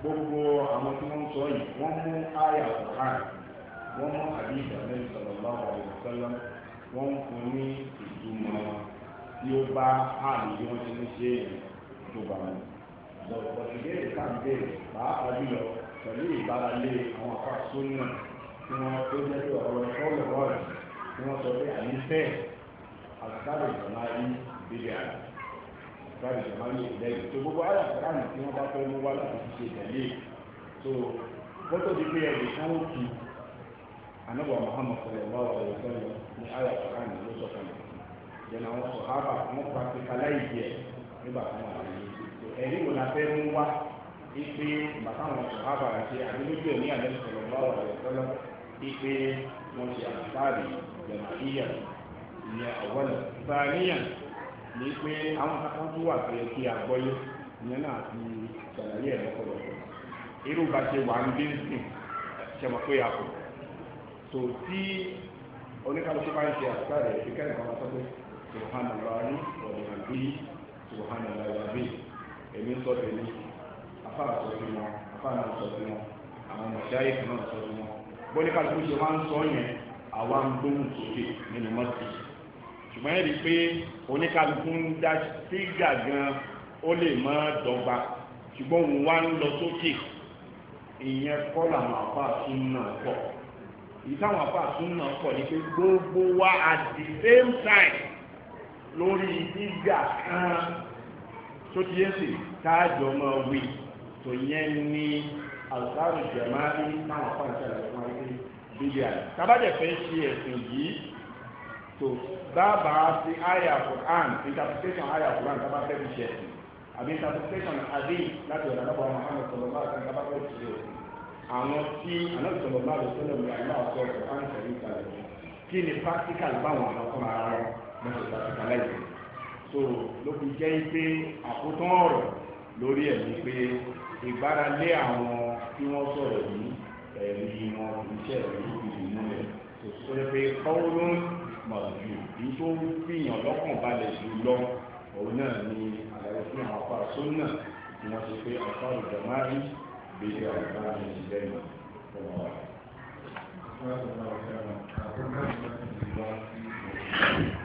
[SPEAKER 1] gbogbo àwọn tí wọ́n ń sọ yìí wọ́n mú àyà ọ̀hán wọ́n mú àdìsí àlẹ́bí sallallahu alaihi wasallam wọ́n ń fún ní ìtumọ̀ tí ó bá àmì bí wọ́n ti ń ṣe tó bá wọn. lọ́pọ̀ ìbéèrè káàdé pàápàá jùlọ pẹ̀lú ìbáralé àwọn akásó náà tí wọ́n tó jẹ́ pé ọ̀rọ̀ sọ́ọ̀lù rọ̀rì tí wọ́n sọ pé àyíṣẹ́ àlùkárò ìjọmáyé ìbílẹ̀ àná àlùkárò ìjọmáyé ìlẹ́yìn tó gbogbo àyàkárà tí wọ́n bá fẹ́ mú wá láti ṣe tẹ̀lé tó fọ́tò dípẹ́ ẹ̀rì kan ó kì í anábọ̀ Muhammad sallallahu alaihi wasallam ní àyà Quran ló sọ kan yẹn àwọn sọ̀hábà wọn practicalize yẹ nígbà tó wà láyé ẹ̀rí wo la fẹ́ mú wá ipe bàtà wọn sọ̀hábà àti àdúgbò ní àdéhùn sallallahu alaihi wasallam ipe wọn ṣe àtàrí jẹ̀màíyà ní àwọlẹ̀ ìbáníyàn ní pé àwọn kankan tó wà pé kí a gbọ́ yé ìyẹn náà ti ṣàlàyé ẹ̀ lọ́pọ̀lọpọ̀ irú bá ṣe wà ń bí ń sìn ṣe mọ̀ pé a kò tó tí oníkàlùkù bá ń ṣe àṣà rẹ̀ fi kẹ́lẹ̀ kan sọ pé subhanallah ní ọ̀nà bí subhanallah wà bí èmi ń sọ tèmi afá àsọ sí wọn afá náà sọ sí wọn àwọn mọ̀ṣáyé kan náà sọ sí wọn bóníkàlùkù ṣe wá ń sọ yẹn àwa ń gbóhùn sókè nínú mọ́tì ṣùgbọ́n ẹ̀rí pé oníkàlùkù ń dá sí gàgán ó lè má dọ́gba ṣùgbọ́n òun wá ń lọ sókè ìyẹn kọ́ làwọn àfa àtúnú náà pọ̀ èyí táwọn afa súnmọ́ pọ̀ ní pé gbogbo wa at the same time lórí gíga kan sótìyẹ́sì táàjọ máa wí tó yẹn ní àlùkárù jẹ̀máàrí táwọn afa ń sẹ́yìn lọ́wọ́ wáyé bíbí àná. tábàjẹ́ fẹ́ ṣe ẹ̀sìn yìí tó dábàá sí àyà Quran interpretation àyà Quran tábà fẹ́ fi ṣe ẹ̀sìn àbí interpretation àdéhùn láti ọ̀dà lọ́wọ́ Muhammad sọ̀rọ̀ bá a tábà fẹ́ fi ṣe ẹ̀sìn àwọn tí anábìsọ̀rọ̀ bá lè sọ́dọ̀ mi àgbà ọ̀sọ̀ ọ̀sọ̀ káńtà ní ìtàlẹ̀ kí ni practical báwọn àwọn ọkọ̀ ara rẹ̀ wọ́n ti practical láìpẹ́ so ló fi jẹ́ pé àkótán ọ̀rọ̀ lórí ẹ̀ ni pé ìgbáralé àwọn tí wọ́n sọ̀rọ̀ yìí ẹ̀rí wọn iṣẹ́ ẹ̀rí ìlú rẹ̀ kò sọ pé kọ́wọ́ ló ń mọ̀ jù bí tó fìyàn lọ́kàn balẹ̀ jù lọ òun náà ni àlàyé fún àwọn afárasó náà tí wọ́n ti pé àfárò jọ̀márì bidiya da kanin shi gani kuma wa.